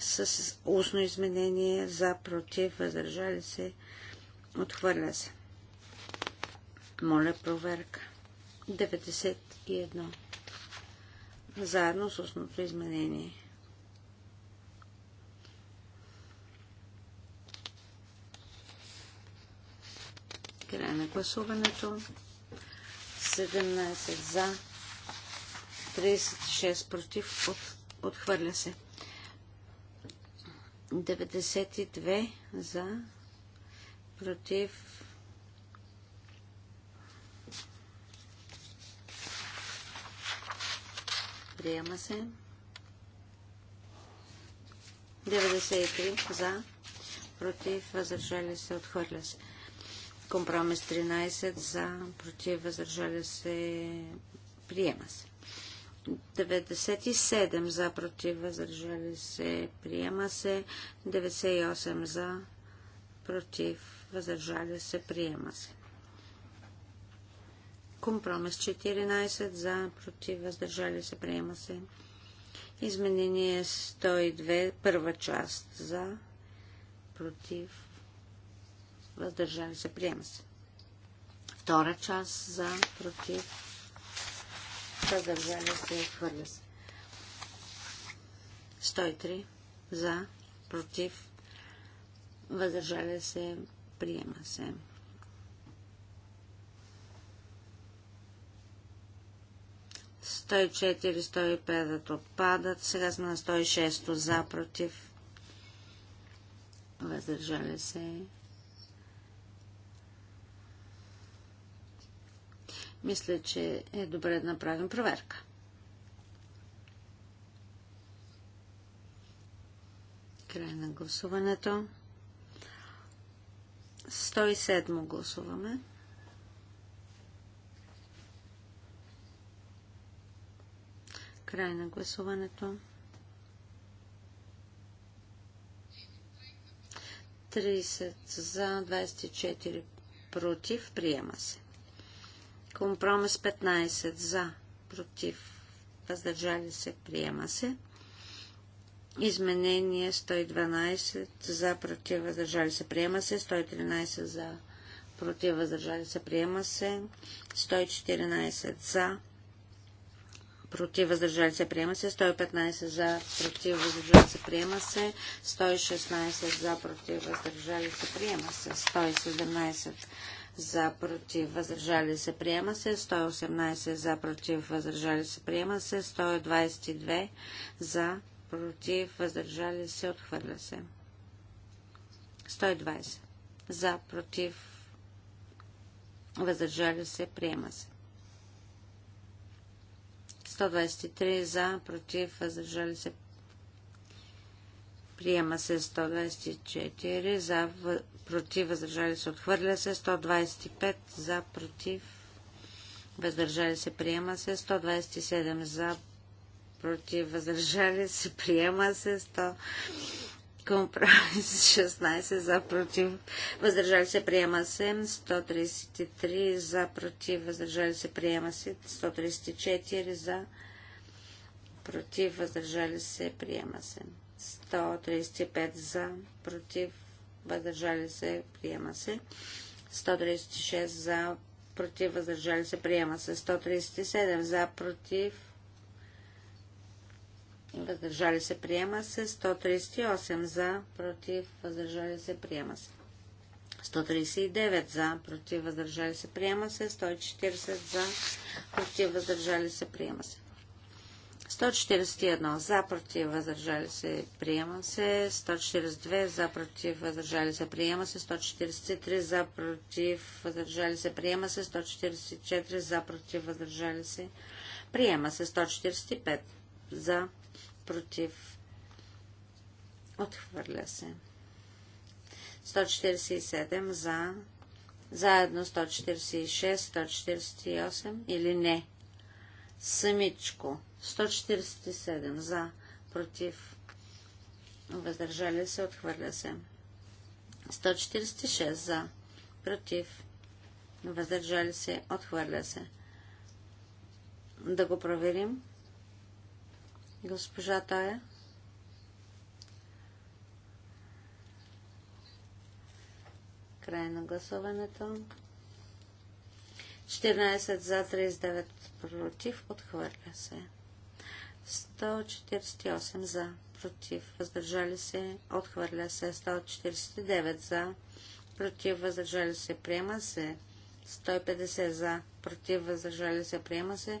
с устно изменение за против въздържали се отхвърля се. Моля проверка. 91. Заедно с устното изменение. Край на гласуването. 17 за, 36 против, от, отхвърля се. 92 за, против, Приема се. 93 за. Против. Въздържали се. Отхвърля се. Компромис 13 за. Против. Въздържали се. Приема се. 97 за. Против. Въздържали се. Приема се. 98 за. Против. Въздържали се. Приема се. Компромис 14 за, против, въздържали се, приема се. Изменение 102, първа част за, против, въздържали се, приема се. Втора част за, против, въздържали се, хвърля се. 103 за, против, въздържали се, приема се. 104, 105 отпадат. Сега сме на 106 за, против. Въздържали се. Мисля, че е добре да направим проверка. Край на гласуването. 107 гласуваме. Край на гласуването. 30 за, 24 против. Приема се. Компромис 15 за, против. Въздържали се. Приема се. Изменение 112 за, против. Въздържали се. Приема се. 113 за, против. Въздържали се. Приема се. 114 за, против въздържали се приема се, 115 за против въздържали се приема се, 116 за против въздържали се приема се, 117 за против въздържали се приема се, 118 за против въздържали се приема се, 122 за против въздържали се отхвърля се. 120 за против въздържали се приема се. 123 за, против, въздържали се. Приема се 124 за, против, въздържали се. Отхвърля се 125 за, против, въздържали се. Приема се 127 за, против, въздържали се. Приема се 100. Компромис 16 <laughs> за против. Въздържали се приема се. 133 за против. Въздържали се приема се. 134 за против. Въздържали се приема се. 135 за против. Въздържали се приема се. 136 за против. Въздържали се приема се. 137 за против въздържали се, приема се. 138 за, против, въздържали се, приема се. 139 за, против, въздържали се, приема се. 140 за, против, въздържали се, приема се. 141 за, против, въздържали се, приема се. 142 за, против, въздържали се, приема се. 143 за, против, въздържали се, приема се. 144 за, против, въздържали се, приема се. 145 за, против, отхвърля се. 147 за, заедно 146, 148 или не. Самичко. 147 за, против, въздържали се, отхвърля се. 146 за, против, въздържали се, отхвърля се. Да го проверим. 147 госпожа Тая. Край на гласуването. 14 за 39 против. Отхвърля се. 148 за против. Въздържали се. Отхвърля се. 149 за против. Въздържали се. Приема се. 150 за против. Въздържали се. Приема се.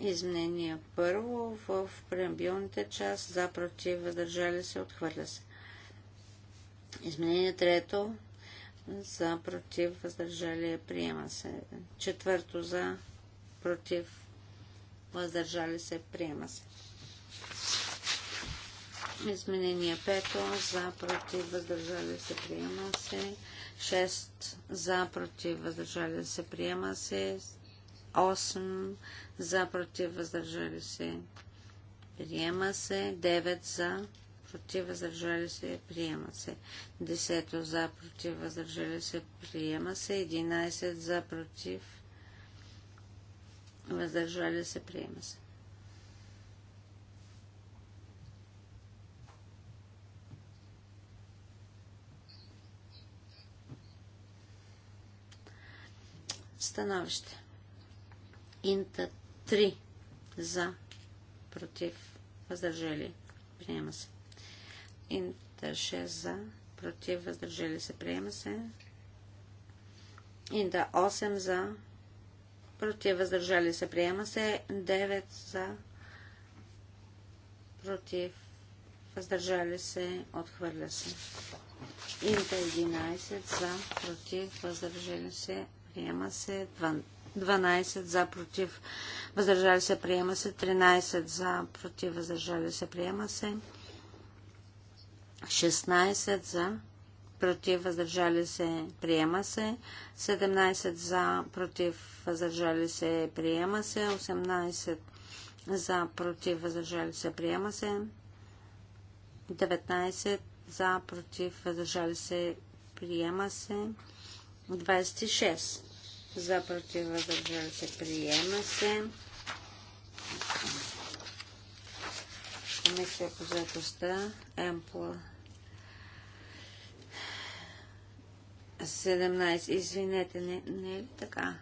Изменение първо в преамбилната част за против въздържали се отхвърля се. Изменение трето за против въздържали приема се. Четвърто за против въздържали се приема се. Изменение пето, за против въздържали се приема се. 6 за против въздържали се приема се. 8 за против въздържали се. Приема се. 9 за против въздържали се. Приема се. 10 за против въздържали се. Приема се. 11 за против въздържали се. Приема се. становище. Инта 3 за, против, въздържали, приема се. Инта 6 за, против, въздържали се, приема се. Инта 8 за, против, въздържали се, приема се. 9 за, против, въздържали се, отхвърля се. Инта 11 за, против, въздържали се, приема се. 12 12 за, против, въздържали се, приема се. 13 за, против, въздържали се, приема се. 16 за, против, въздържали се, приема се. 17 за, против, въздържали се, приема се. 18 за, против, въздържали се, приема се. 19 за, против, въздържали се, приема се. 26 за против въздържали се приема се. Комисия по заедостта Емпла 17. Извинете, не, не е ли така?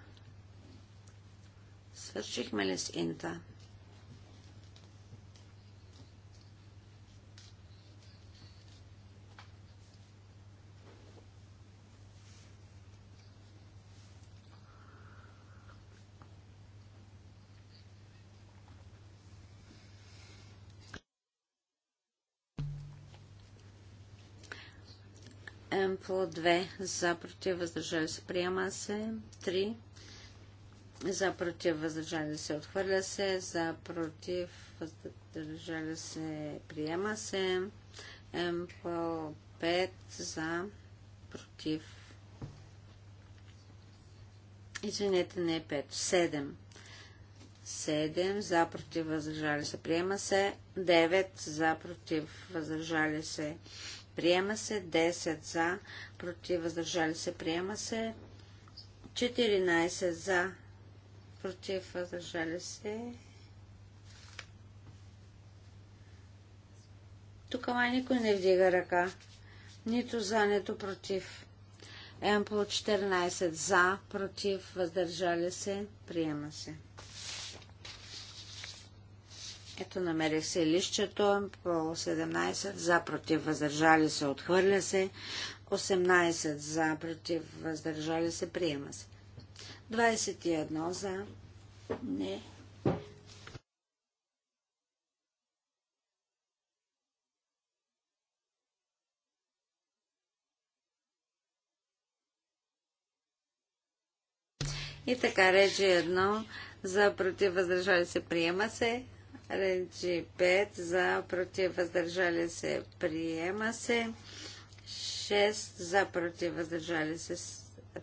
Свършихме ли с Инта? М по 2 за против въздържали се приема се 3 за против въздържали се отхвърля се за против въздържали се приема се М по 5 за против Извинете, не е 5. 7. 7 за против въздържали се приема се. 9 за против въздържали се приема се, 10 за, против, въздържали се, приема се, 14 за, против, въздържали се. Тук май никой не вдига ръка, нито за, нито против. Емпл 14 за, против, въздържали се, приема се. Ето Намерих се лището по 17 за, против, въздържали се, отхвърля се. 18 за, против, въздържали се, приема се. 21 за, не. И така, рече едно за против въздържали се приема се, Ренджи 5 за против въздържали се приема се. 6 за против въздържали се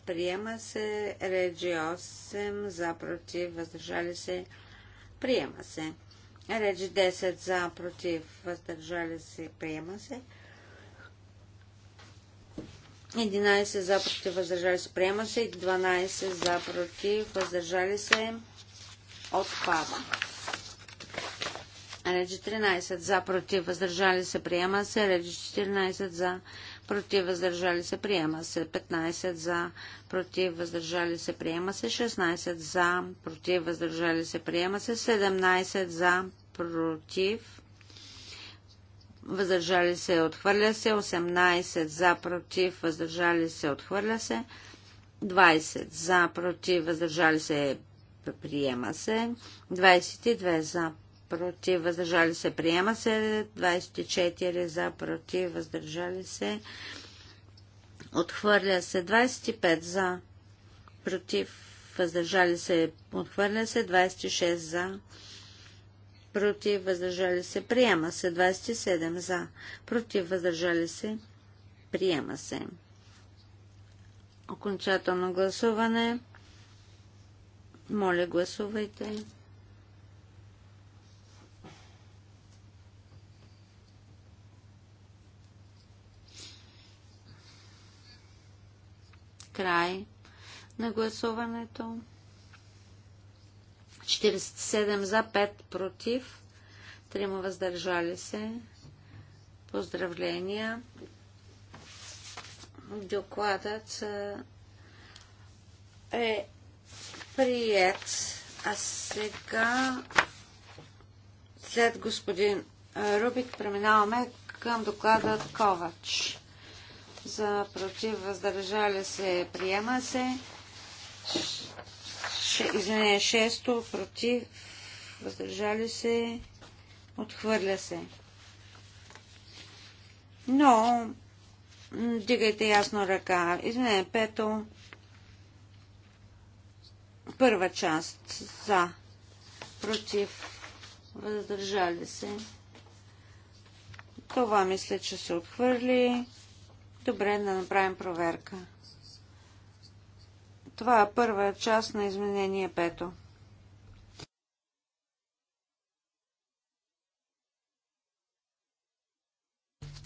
приема се. Реджи 8 за против въздържали се приема се. Реджи 10 за против въздържали се приема се. 11 за против въздържали се приема се и 12 за против въздържали се отпада. Реджи 13 за, против, въздържали се, приема се. Реджи 14 за, против, въздържали се, приема се. 15 за, против, въздържали се, приема се. 16 за, против, въздържали се, приема се. 17 за, против, въздържали се, отхвърля се. 18 за, против, въздържали се, отхвърля се. 20 за, против, въздържали се, приема се. 22 за, против, въздържали се, приема се. 24 за, против, въздържали се, отхвърля се. 25 за, против, въздържали се, отхвърля се. 26 за, против, въздържали се, приема се. 27 за, против, въздържали се, приема се. Окончателно гласуване. Моля, гласувайте. Край на гласуването. 47 за 5 против. 3 въздържали се. Поздравления. Докладът е прият. А сега след господин Рубик преминаваме към доклада Ковач за против въздържали се приема се. Извинение 6 против въздържали се отхвърля се. Но дигайте ясно ръка. Извинение 5 първа част за против въздържали се. Това мисля, че се отхвърли. Добре, да направим проверка. Това е първа част на изменение пето.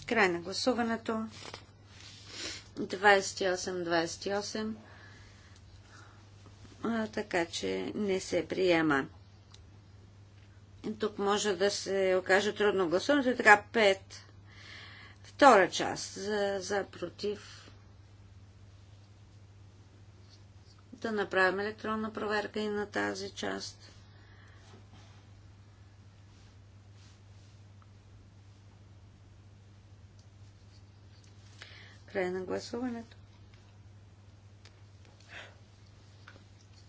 Край на гласуването. 28-28. Така че не се приема. Тук може да се окаже трудно гласуването. Така 5 Втора част за, за против. Да направим електронна проверка и на тази част. Край на гласуването.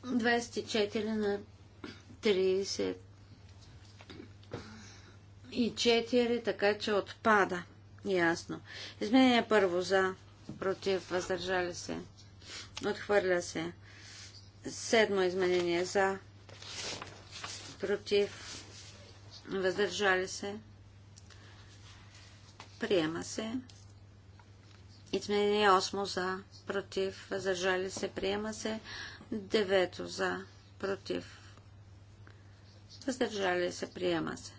24 на 30. И 4, така че отпада. Ясно. Изменение първо за, против, въздържали се. Отхвърля се. Седмо изменение за, против, въздържали се. Приема се. Изменение 8 за, против, въздържали се, приема се. Девето за, против, въздържали се, приема се.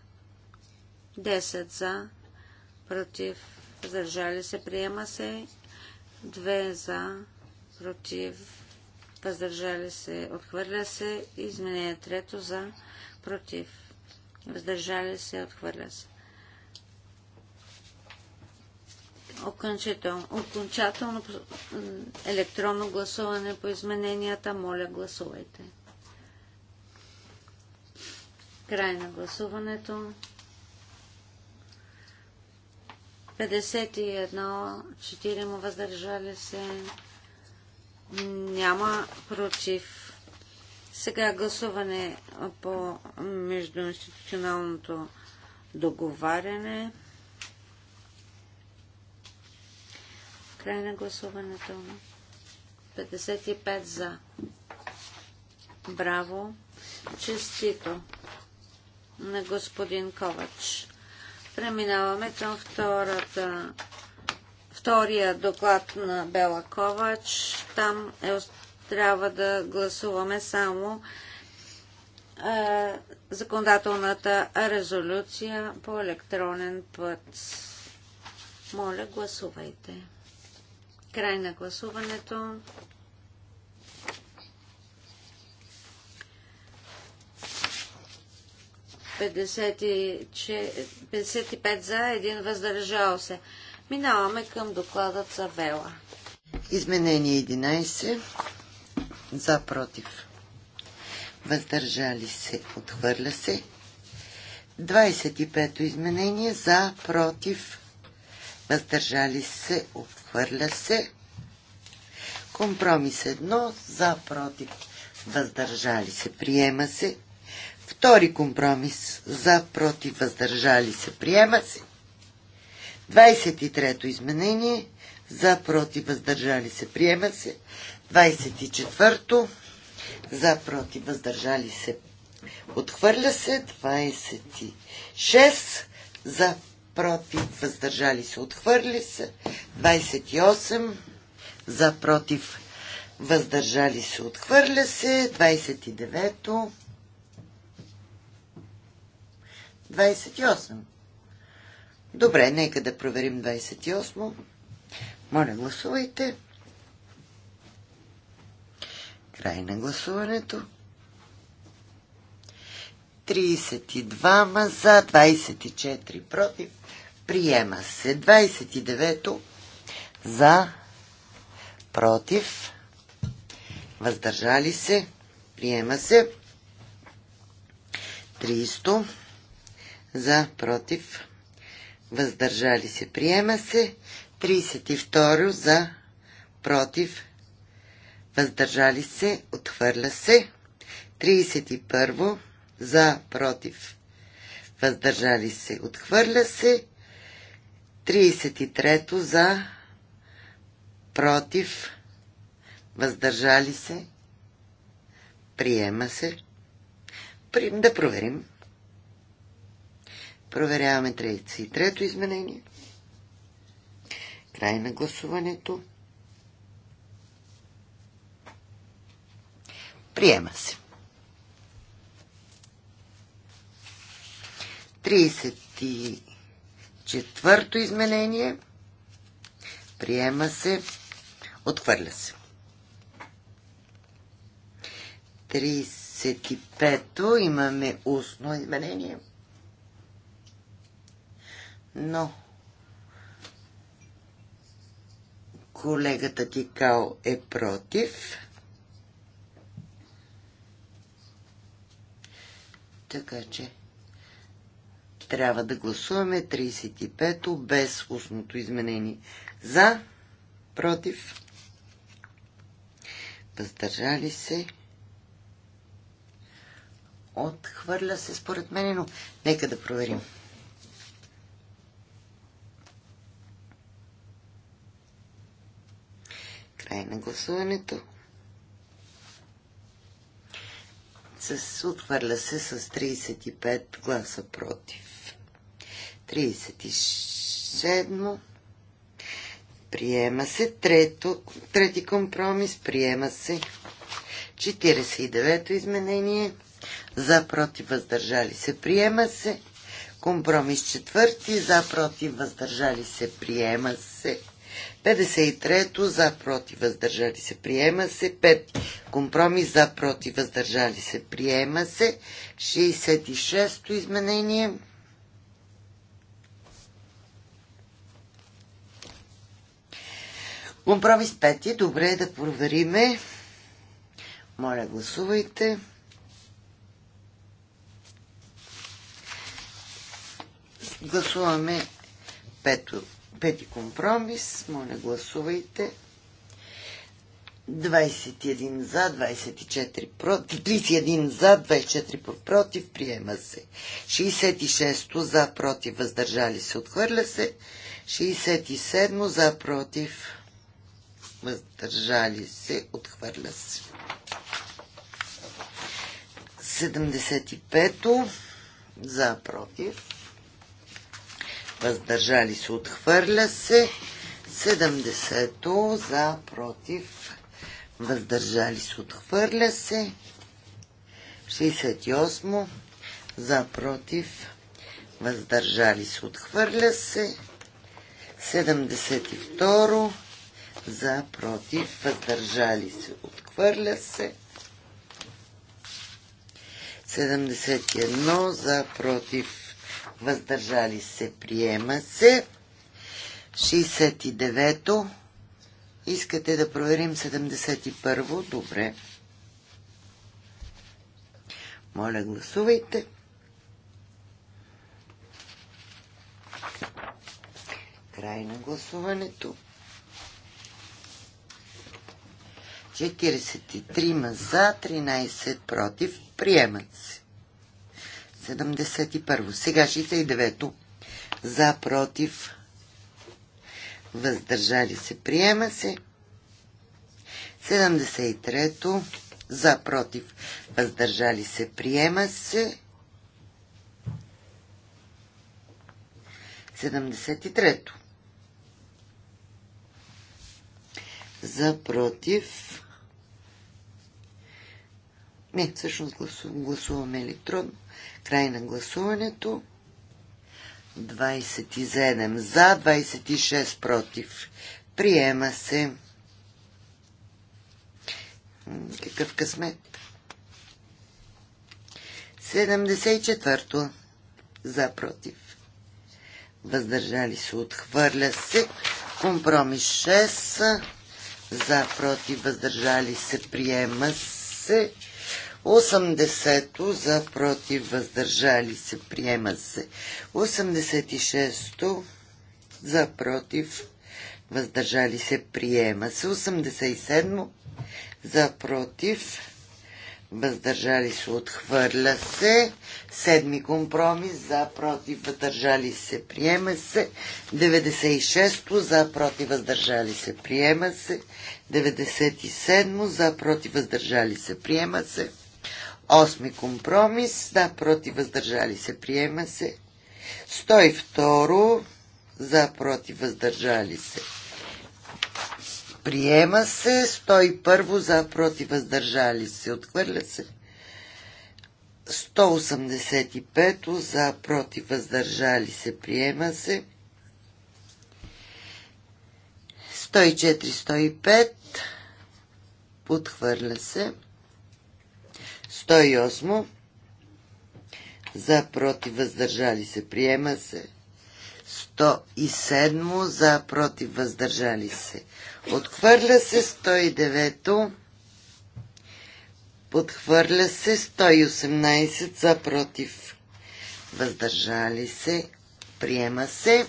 10 за, против, въздържали се, приема се. две за, против, въздържали се, отхвърля се. Изменение трето за, против, въздържали се, отхвърля се. Окончателно, окончателно електронно гласуване по измененията. Моля, гласувайте. Край на гласуването. 51, 4 въздържали се, няма против. Сега гласуване по междуинституционалното договаряне. Край на гласуването. 55 за. Браво! Честито на господин Ковач. Преминаваме към втората, втория доклад на Бела Ковач. Там е, трябва да гласуваме само е, законодателната резолюция по електронен път. Моля, гласувайте. Край на гласуването. 55 за, един въздържал се. Минаваме към докладът за Вела. Изменение 11. За, против. Въздържали се, отхвърля се. 25-то изменение. За, против. Въздържали се, отхвърля се. Компромис 1. За, против. Въздържали се, приема се. Втори компромис. За, против, въздържали се. Приема се. 23-то изменение. За, против, въздържали се. Приема се. 24-то. За, против, въздържали се. Отхвърля се. 26. За, против, въздържали се. Отхвърли се. 28. За, против, въздържали се. Отхвърля се. 29-то. 28. Добре, нека да проверим 28. Моля, гласувайте. Край на гласуването. 32 за, 24 против. Приема се 29 за, против. Въздържали се. Приема се. 300 за, против, въздържали се, приема се. 32 за, против, въздържали се, отхвърля се. 31 за, против, въздържали се, отхвърля се. 33 за, против, въздържали се, приема се. да проверим. Проверяваме 33 трето изменение. Край на гласуването. Приема се. 34-то изменение. Приема се. Отхвърля се. 35-то имаме устно изменение но колегата Као е против. Така че трябва да гласуваме 35-то без устното изменение. За, против, въздържали се, отхвърля се според мен, но нека да проверим. Край на гласуването. С, отхвърля се с 35 гласа против. 37. Приема се. Трето, трети компромис. Приема се. 49-то изменение. За против въздържали се. Приема се. Компромис четвърти. За против въздържали се. Приема се. 53-то за против въздържали се приема се. 5 компромис за против въздържали се приема се. 66-то изменение. Компромис 5 е добре да провериме. Моля, гласувайте. Гласуваме пето Пети компромис. Моля, гласувайте. 21 за, 24 против, 31 за, 24 против, приема се. 66 за, против, въздържали се, отхвърля се. 67 за, против, въздържали се, отхвърля се. 75 за, против, въздържали се, отхвърля се. 70-то за, против, въздържали се, отхвърля се. 68 за, против, въздържали се, отхвърля се. 72 за, против, въздържали се, отхвърля се. 71 за, против, въздържали се, приема се. 69-то. Искате да проверим 71-во? Добре. Моля, гласувайте. Край на гласуването. 43 за, 13 против. Приемат се. 71. Сега 69-то. За, против, въздържали се, приема се. 73-то. За, против, въздържали се, приема се. 73-то. За, против. Не, всъщност гласуваме електронно. Край на гласуването. 27 за, 26 против. Приема се. Какъв късмет? 74 то за, против. Въздържали се, отхвърля се. Компромис 6 за, против, въздържали се, приема се. 80-то за против въздържали се приема се. 86-то за против въздържали се приема се. 87-то за против въздържали се отхвърля се. Седми компромис за против въздържали се приема се. 96-то за против въздържали се приема се. 97-то за против въздържали се приема се. Осми компромис. Да, против, въздържали се. Приема се. 102. За, против, въздържали се. Приема се. 101. За, против, въздържали се. Отхвърля се. 185. За, против, въздържали се. Приема се. 104-105. Подхвърля се. 108 за против въздържали се приема се 107 за против въздържали се отхвърля се 109 подхвърля се 118 за против въздържали се приема се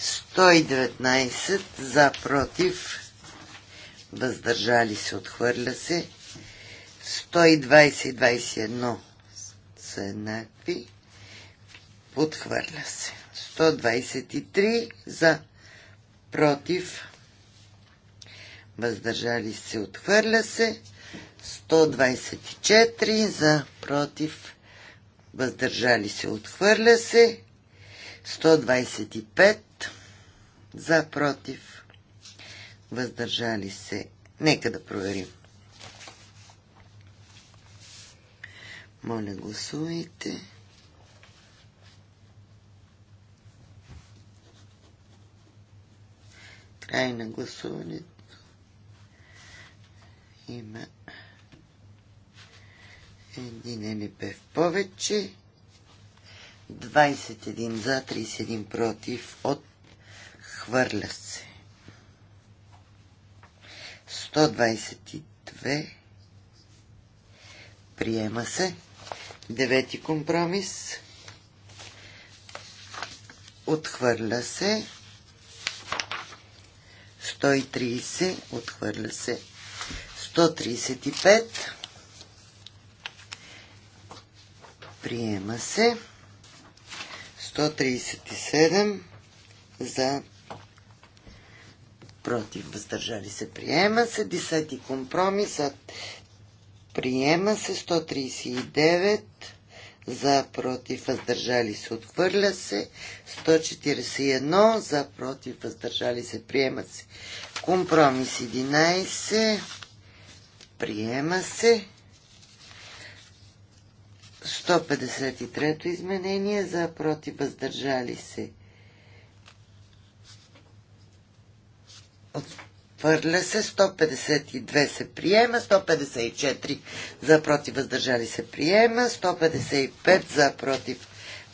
119 за против въздържали се отхвърля се 120 21 са еднакви. Подхвърля се. 123 за против. Въздържали се. Отхвърля се. 124 за против. Въздържали се. Отхвърля се. 125 за против. Въздържали се. Нека да проверим. Моля, гласувайте. Край на гласуването. Има един НП в повече. 21 за, 31 против. от. Хвърля се. 122. Приема се. Девети компромис. Отхвърля се. 130. Отхвърля се. 135. Приема се. 137 за против въздържали се приема се. Десети компромис. Приема се 139 за против въздържали се отхвърля се 141 за против въздържали се приема се компромис 11 приема се 153 изменение за против въздържали се Отхвърля се 152 се приема, 154 за против въздържали се приема, 155 за против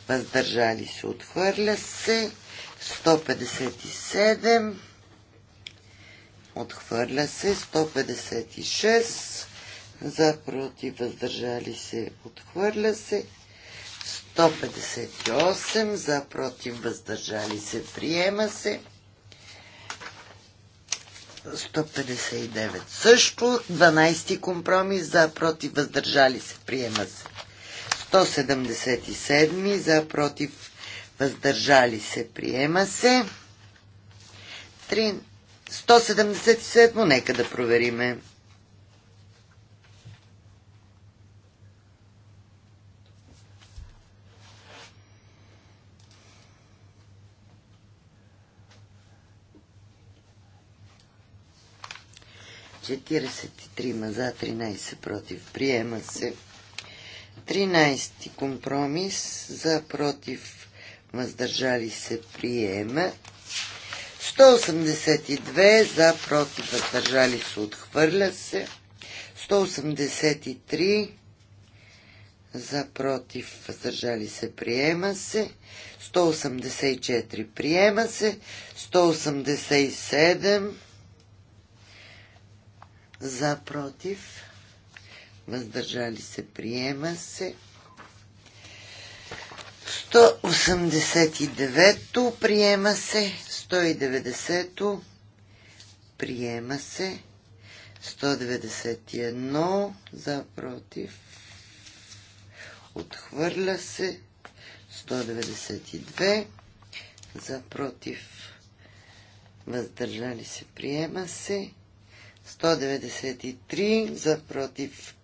въздържали се отхвърля се, 157 отхвърля се, 156 за против въздържали се отхвърля се, 158 за против въздържали се приема се. 159. Също 12 компромис за против въздържали се. Приема се. 177 за против въздържали се. Приема се. 3. 177. Нека да провериме. 43 за, 13 против. Приема се. 13 компромис за, против, въздържали се. Приема. 182 за, против, въздържали се. Отхвърля се. 183 за, против, въздържали се. Приема се. 184 приема се. 187 за против, въздържали се, приема се. 189-то приема се, 190-то приема се, 191 за против, отхвърля се, 192 за против, въздържали се, приема се. 193 за против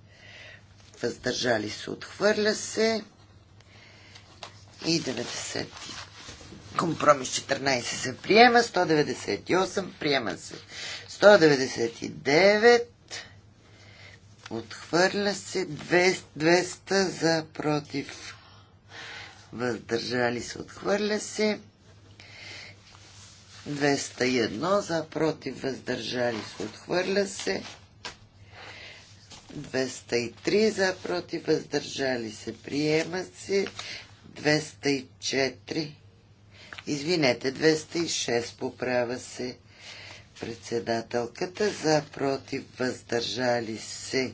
въздържали се отхвърля се и 90 компромис 14 се приема 198 приема се 199 отхвърля се 200, 200 за против въздържали се отхвърля се 201 за против въздържали се отхвърля се. 203 за против въздържали се приема се. 204 Извинете, 206 поправя се председателката за против въздържали се.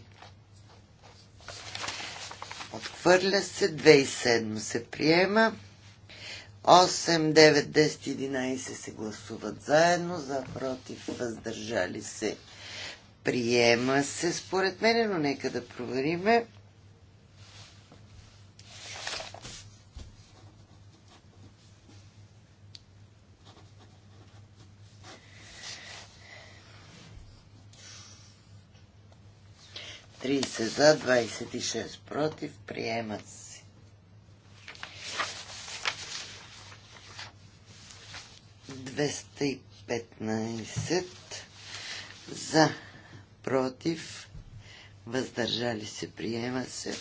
Отхвърля се, 207 се приема. 8, 9, 10, 11 се гласуват заедно, за против, въздържали се. Приема се според мен, но нека да провериме. се за, 26 против, приемат се. 215 за против въздържали се приема се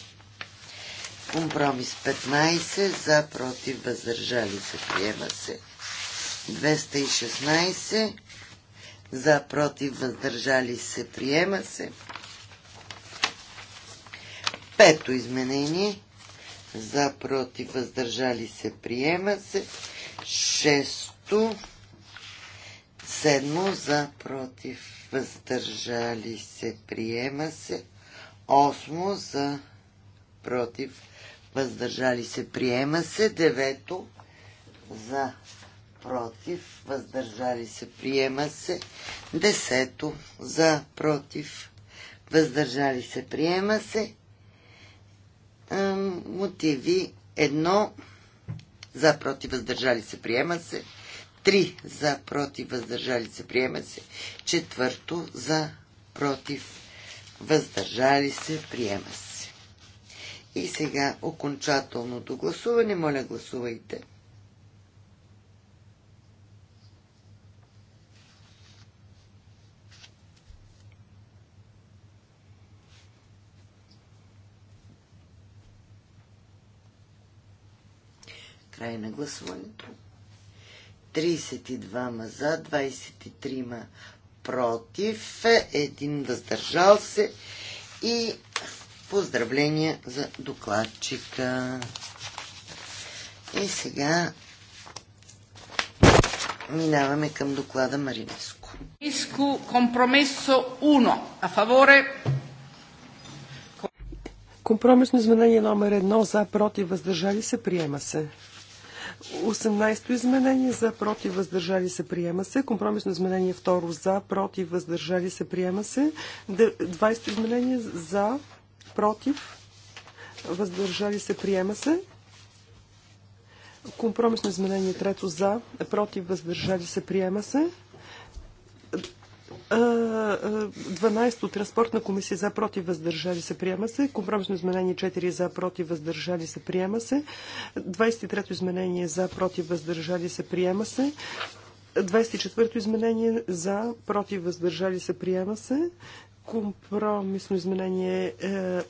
компромис 15 за против въздържали се приема се 216 за против въздържали се приема се пето изменение за против въздържали се приема се шесто Прието. Седмо за против въздържали се. Приема се. Осмо за против въздържали се. Приема се. Девето за против въздържали се. Приема се. Десето за против въздържали се. Приема се. Мотиви едно за против въздържали се. Приема се. 3 за против въздържали се приема се. Четвърто за против въздържали се приема се. И сега окончателното гласуване. Моля гласувайте. Край на гласуването. 32 за, 23 против, един въздържал се и поздравления за докладчика. И сега минаваме към доклада Маринеско. Маринеско компромесо 1. А фаворе Компромисно изменение номер едно за против въздържали се приема се. 18-то изменение за против въздържали се приема се. Компромисно изменение второ за против въздържали се приема се. 20-то изменение за против въздържали се приема се. Компромисно изменение трето за против въздържали се приема се. 12 транспортна комисия за против въздържали се приема се. Компромисно изменение 4 за против въздържали се приема се. 23 изменение за против въздържали се приема се. 24 то изменение за против въздържали се приема се. Компромисно изменение 5,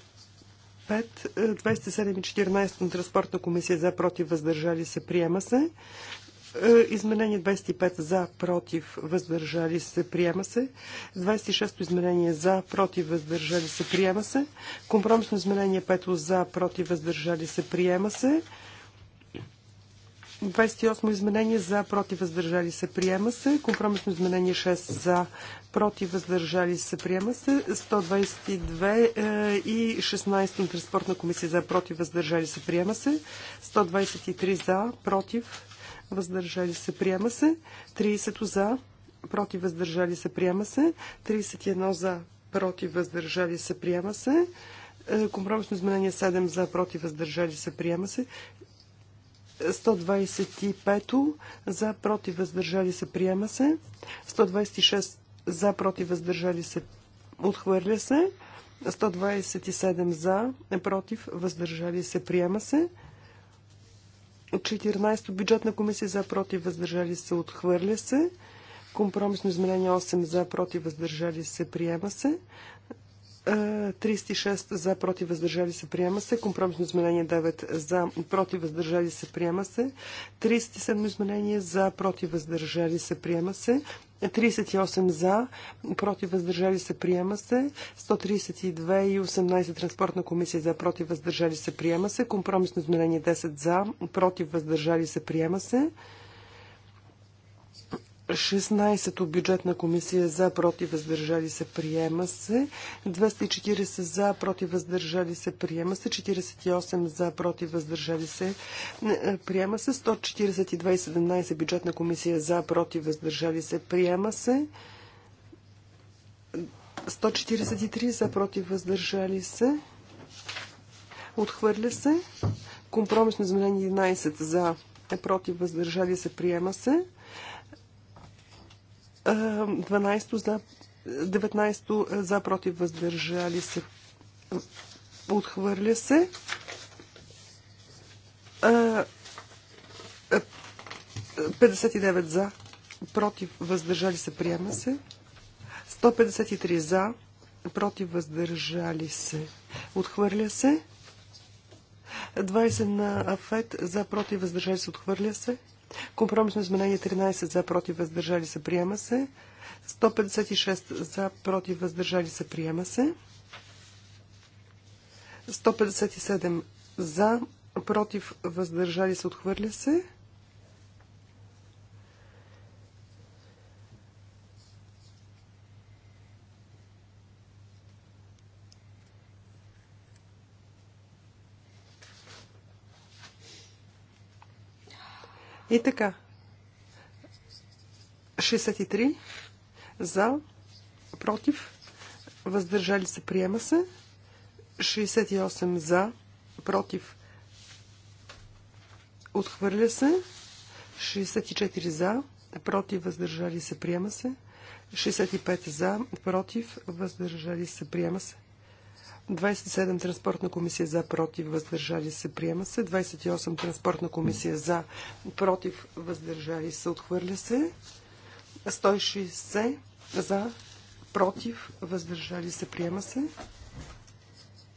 е, 27 и 14 на транспортна комисия за против въздържали се приема се. Е, изменение 25 за, против, въздържали се, приема се. 26-то изменение за, против, въздържали се, приема се. Компромисно изменение 5 за, против, въздържали се, приема се. 28 изменение за, против, въздържали се, приема се. Компромисно изменение 6 за, против, въздържали се, приема се. 122 и 16 е, на транспортна комисия за, против, въздържали се, приема се. 123 за, против, въздържали се, приема се. 30 за, против, въздържали се, приема се. 31 за, против, въздържали се, приема се. Е, компромисно изменение 7 за, против, въздържали се, приема се. 125 за, против, въздържали се, приема се. 126 за, против, въздържали се, отхвърля се. 127 за, против, въздържали се, приема се. 14 то бюджетна комисия за против въздържали се отхвърля се. Компромисно изменение 8 за против въздържали се приема се. 36 за, против, въздържали се, приема се. Компромисно изменение 9 за, против, въздържали се, приема се. 37 изменение за, против, въздържали се, приема се. 38 за, против, въздържали се, приема се. 132 и 18 транспортна комисия за, против, въздържали се, приема се. Компромисно изменение 10 за, против, въздържали се, приема се. 16 от бюджетна комисия за против въздържали се приема се. 240 за против въздържали се приема се. 48 за против въздържали се е, е, приема се. 142 и 17 бюджетна комисия за против въздържали се приема се. 143 за против въздържали се. Отхвърля се. Компромисно изменение 11 за против въздържали се приема се. 12 за, 19 за против въздържали се. Отхвърля се. А, 59 за против въздържали се. Приема се. 153 за против въздържали се. Отхвърля се. 20 на Афет за против въздържали се. Отхвърля се. Компромисно изменение 13 за против въздържали се приема се. 156 за против въздържали се приема се. 157 за против въздържали се отхвърля се. И така. 63 за, против, въздържали се, приема се. 68 за, против, отхвърля се. 64 за, против, въздържали се, приема се. 65 за, против, въздържали се, приема се. 27 транспортна комисия за, против, въздържали се, приема се. 28 транспортна комисия за, против, въздържали се, отхвърля се. 160 за, против, въздържали се, приема се.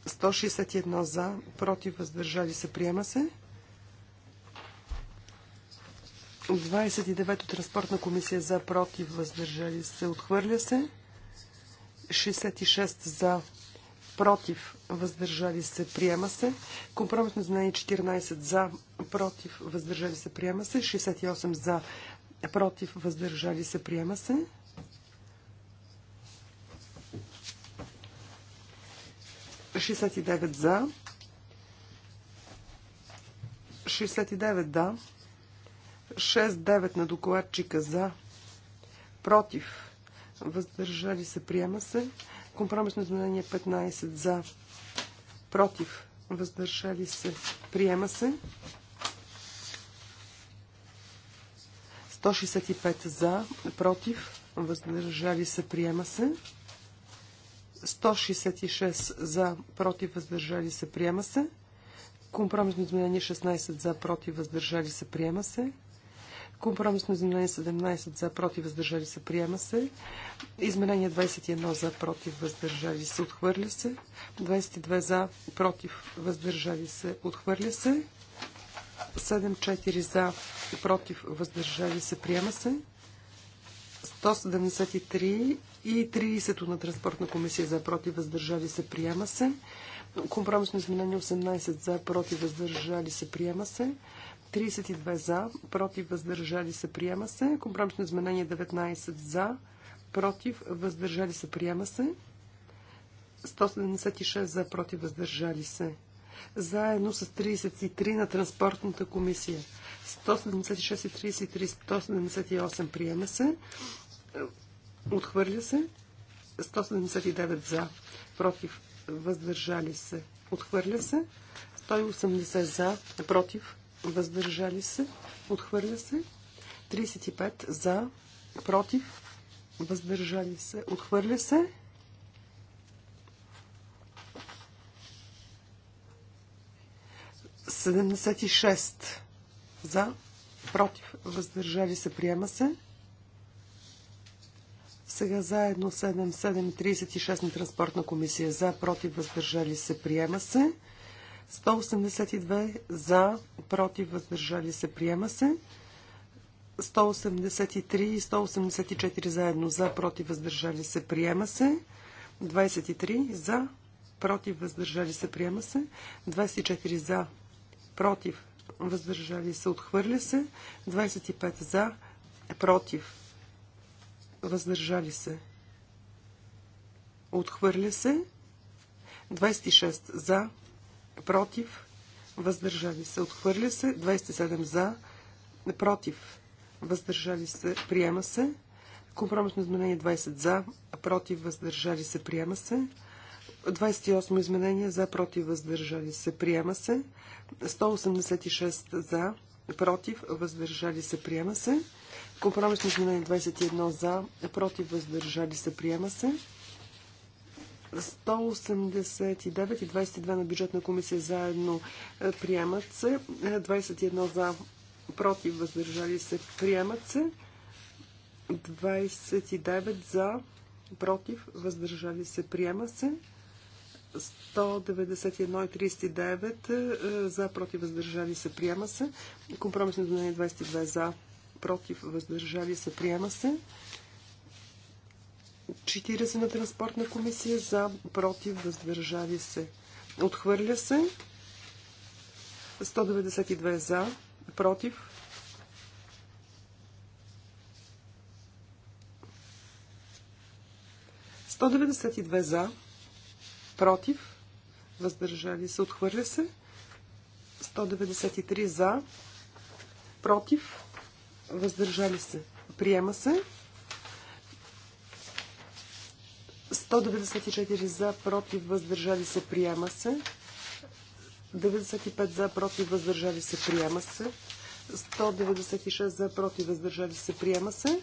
161 за, против, въздържали се, приема се. 29-то транспортна комисия за, против, въздържали се, отхвърля се. 66 за, против, въздържали се, приема се. Компромисно знание 14 за, против, въздържали се, приема се. 68 за, против, въздържали се, приема се. Шестдесет за. 69 да. Шест девет на докладчика за. Против. Въздържали се, приема се. Компромисно изменение 15 за, против, въздържали се, приема се. 165 за, против, въздържали се, приема се. 166 за, против, въздържали се, приема се. Компромисно изменение 16 за, против, въздържали се, приема се. Компромисно изменение 17 за против въздържали се приема се. Изменение 21 за против въздържали се отхвърля се. 22 за против въздържали се отхвърля се. 7-4 за против въздържали се приема се. 173 и 30 на транспортна комисия за против въздържали се приема се. Компромисно изменение 18 за против въздържали се приема се. 32 за, против, въздържали се, приема се. Компромисно изменение 19 за, против, въздържали се, приема се. 176 за, против, въздържали се. Заедно с 33 на транспортната комисия. 176 и 33, 178 приема се. Отхвърля се. 179 за, против, въздържали се. Отхвърля се. 180 за, против, въздържали се, отхвърля се. 35 за, против, въздържали се, отхвърля се. Седемдесет и шест за, против, въздържали се, приема се. Сега заедно 7, на транспортна комисия за, против, въздържали се, приема се. 182 за, против, въздържали се, приема се. 183 и 184 заедно за, против, въздържали се, приема се. 23 за, против, въздържали се, приема се. 24 за, против, въздържали се, отхвърля се. 25 за, против, въздържали се, отхвърля се. 26 за, против, въздържали се, отхвърля се, 27 за, против, въздържали се, приема се, компромисно изменение 20 за, против, въздържали се, приема се, 28 изменение за, против, въздържали се, приема се, 186 за, против, въздържали се, приема се, компромисно изменение 21 за, против, въздържали се, приема се, 189 и 22 на бюджетна комисия заедно е, приемат се. 21 е, за против въздържали се приемат се. 29 за против въздържали се приема се. 191 и 39 е, за против въздържали се приема се. Компромисно изменение 22 за против въздържали се приема се. 40 на транспортна комисия за, против, въздържали се. Отхвърля се. 192 за, против. Сто за, против, въздържали се, отхвърля се. 193 за, против, въздържали се, приема се. 194 за, против, въздържали се, приема се. 95 за, против, въздържали се, приема се. 196 за, против, въздържали се, приема се.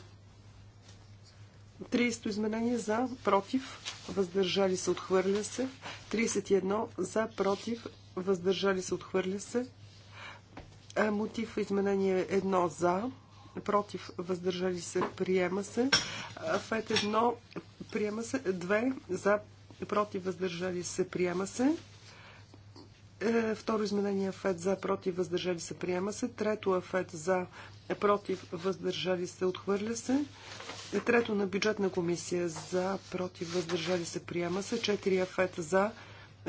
30 изменение за, против, въздържали се, отхвърля се. 31 за, против, въздържали се, отхвърля се. Е, мотив изменение 1 за, против, въздържали се, приема се. Фет 1 приема се. 2 за, против, въздържали се, приема се. Е, второ изменение ФЕД за, против, въздържали се, приема се. Трето ФЕД за, против, въздържали се, отхвърля се. Трето на бюджетна комисия за, против, въздържали се, приема се. Четири АФЕТ за,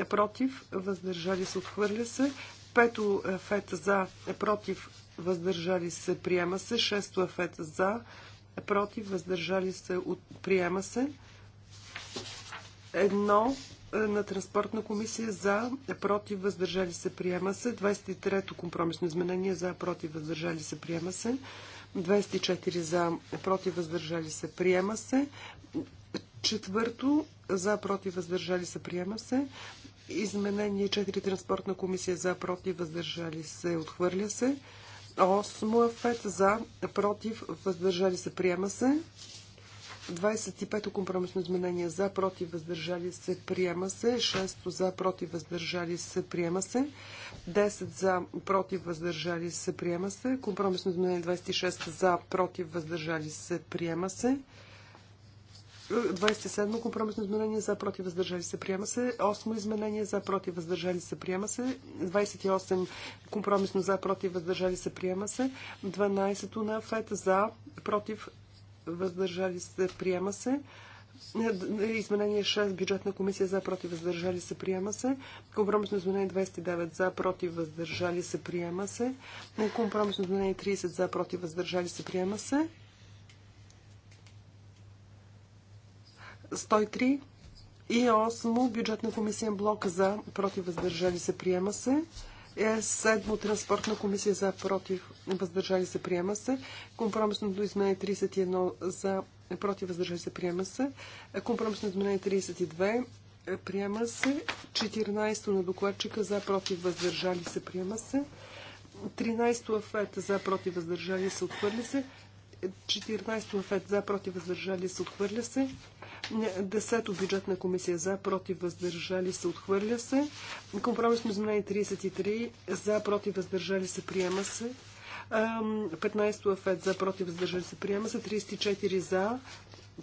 против, въздържали се, отхвърля се. Пето АФЕТ за, против, въздържали се, приема се. Шесто АФЕТ за, против, въздържали се, от... приема се. Едно е, на транспортна комисия за, е, против, въздържали се, приема се. 23-то компромисно изменение за, против, въздържали се, приема се. 24 за, против, въздържали се, приема се. Четвърто за, против, въздържали се, приема се. Изменение 4 транспортна комисия за, против, въздържали се, отхвърля се. 8 за, против, въздържали се, приема се. 25-то компромисно изменение за против въздържали се приема се. 6-то за против въздържали се приема се. 10 за против въздържали се приема се. Компромисно изменение 26 за против въздържали се приема се. 27 компромисно изменение за против въздържали се приема се. 8 изменение за против въздържали се приема се. 28 компромисно за против въздържали се приема се. 12 на ФЕТ за против въздържали се, приема се. Изменение 6, бюджетна комисия за, против, въздържали се, приема се. Компромисно изменение 29, за, против, въздържали се, приема се. Компромисно изменение 30, за, против, въздържали се, приема се. 103 и 8, бюджетна комисия блок за, против, въздържали се, приема се. Е, седмо транспортна комисия за против въздържали се приема се. Компромисното изменение 31 за е, против въздържали се приема се. Е, компромисното изменение 32 приема се. 14 на докладчика за против въздържали се приема се. 13 афет за против въздържали се отхвърли се. 14 афет за против въздържали се отхвърля се. Десето бюджетна комисия за, против, въздържали се, отхвърля се. Компромисно изменение 33 за, против, въздържали се, приема се. 15 АФЕД за, против, въздържали се, приема се. 34 за,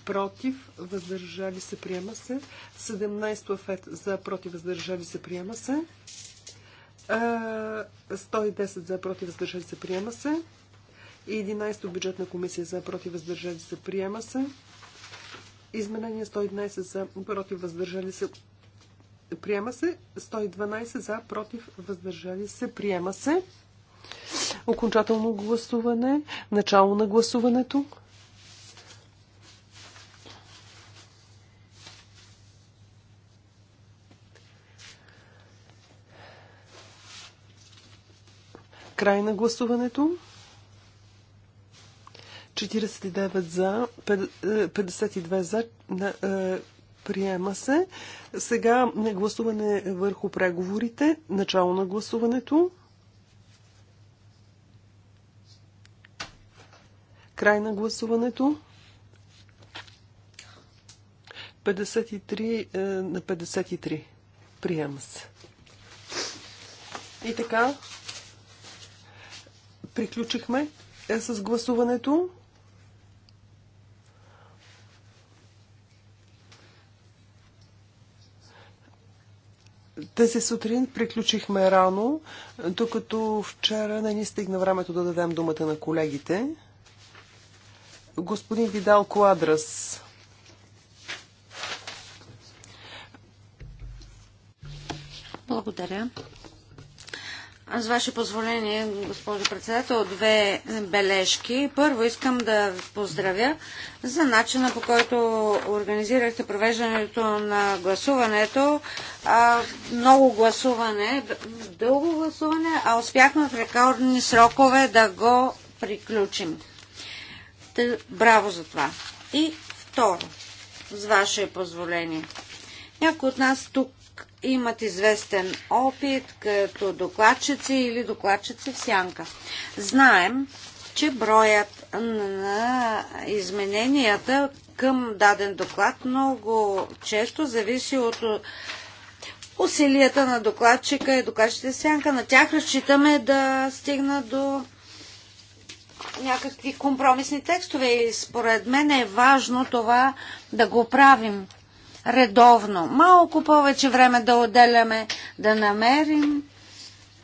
против, въздържали се, приема се. 17 АФЕД за, против, въздържали се, приема се. 110 за, против, въздържали се, приема се. 11 бюджетна комисия за, против, въздържали се, приема се. Изменение 111 за против въздържали се. Приема се. 112 за против въздържали се. Приема се. Окончателно гласуване. Начало на гласуването. Край на гласуването. 49 за, 52 е, за, е, приема се. Сега гласуване върху преговорите, начало на гласуването. Край на гласуването. 53 е, на 53. Приема се. И така, приключихме с гласуването. Тази сутрин приключихме рано, докато вчера не ни стигна времето да дадем думата на колегите. Господин Видал Куадрас. Благодаря. С ваше позволение, госпожо председател, две бележки. Първо искам да поздравя за начина по който организирахте провеждането на гласуването. много гласуване, дълго гласуване, а успяхме в рекордни срокове да го приключим. браво за това. И второ, с ваше позволение. Някои от нас тук имат известен опит като докладчици или докладчици в сянка. Знаем, че броят на измененията към даден доклад много често зависи от усилията на докладчика и докладчите в сянка. На тях разчитаме да стигна до някакви компромисни текстове и според мен е важно това да го правим редовно. Малко повече време да отделяме, да намерим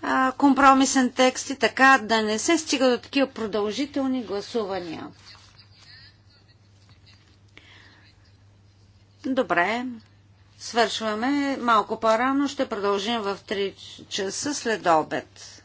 а, компромисен текст и така да не се стига до такива продължителни гласувания. Добре. Свършваме малко по-рано. Ще продължим в 3 часа след обед.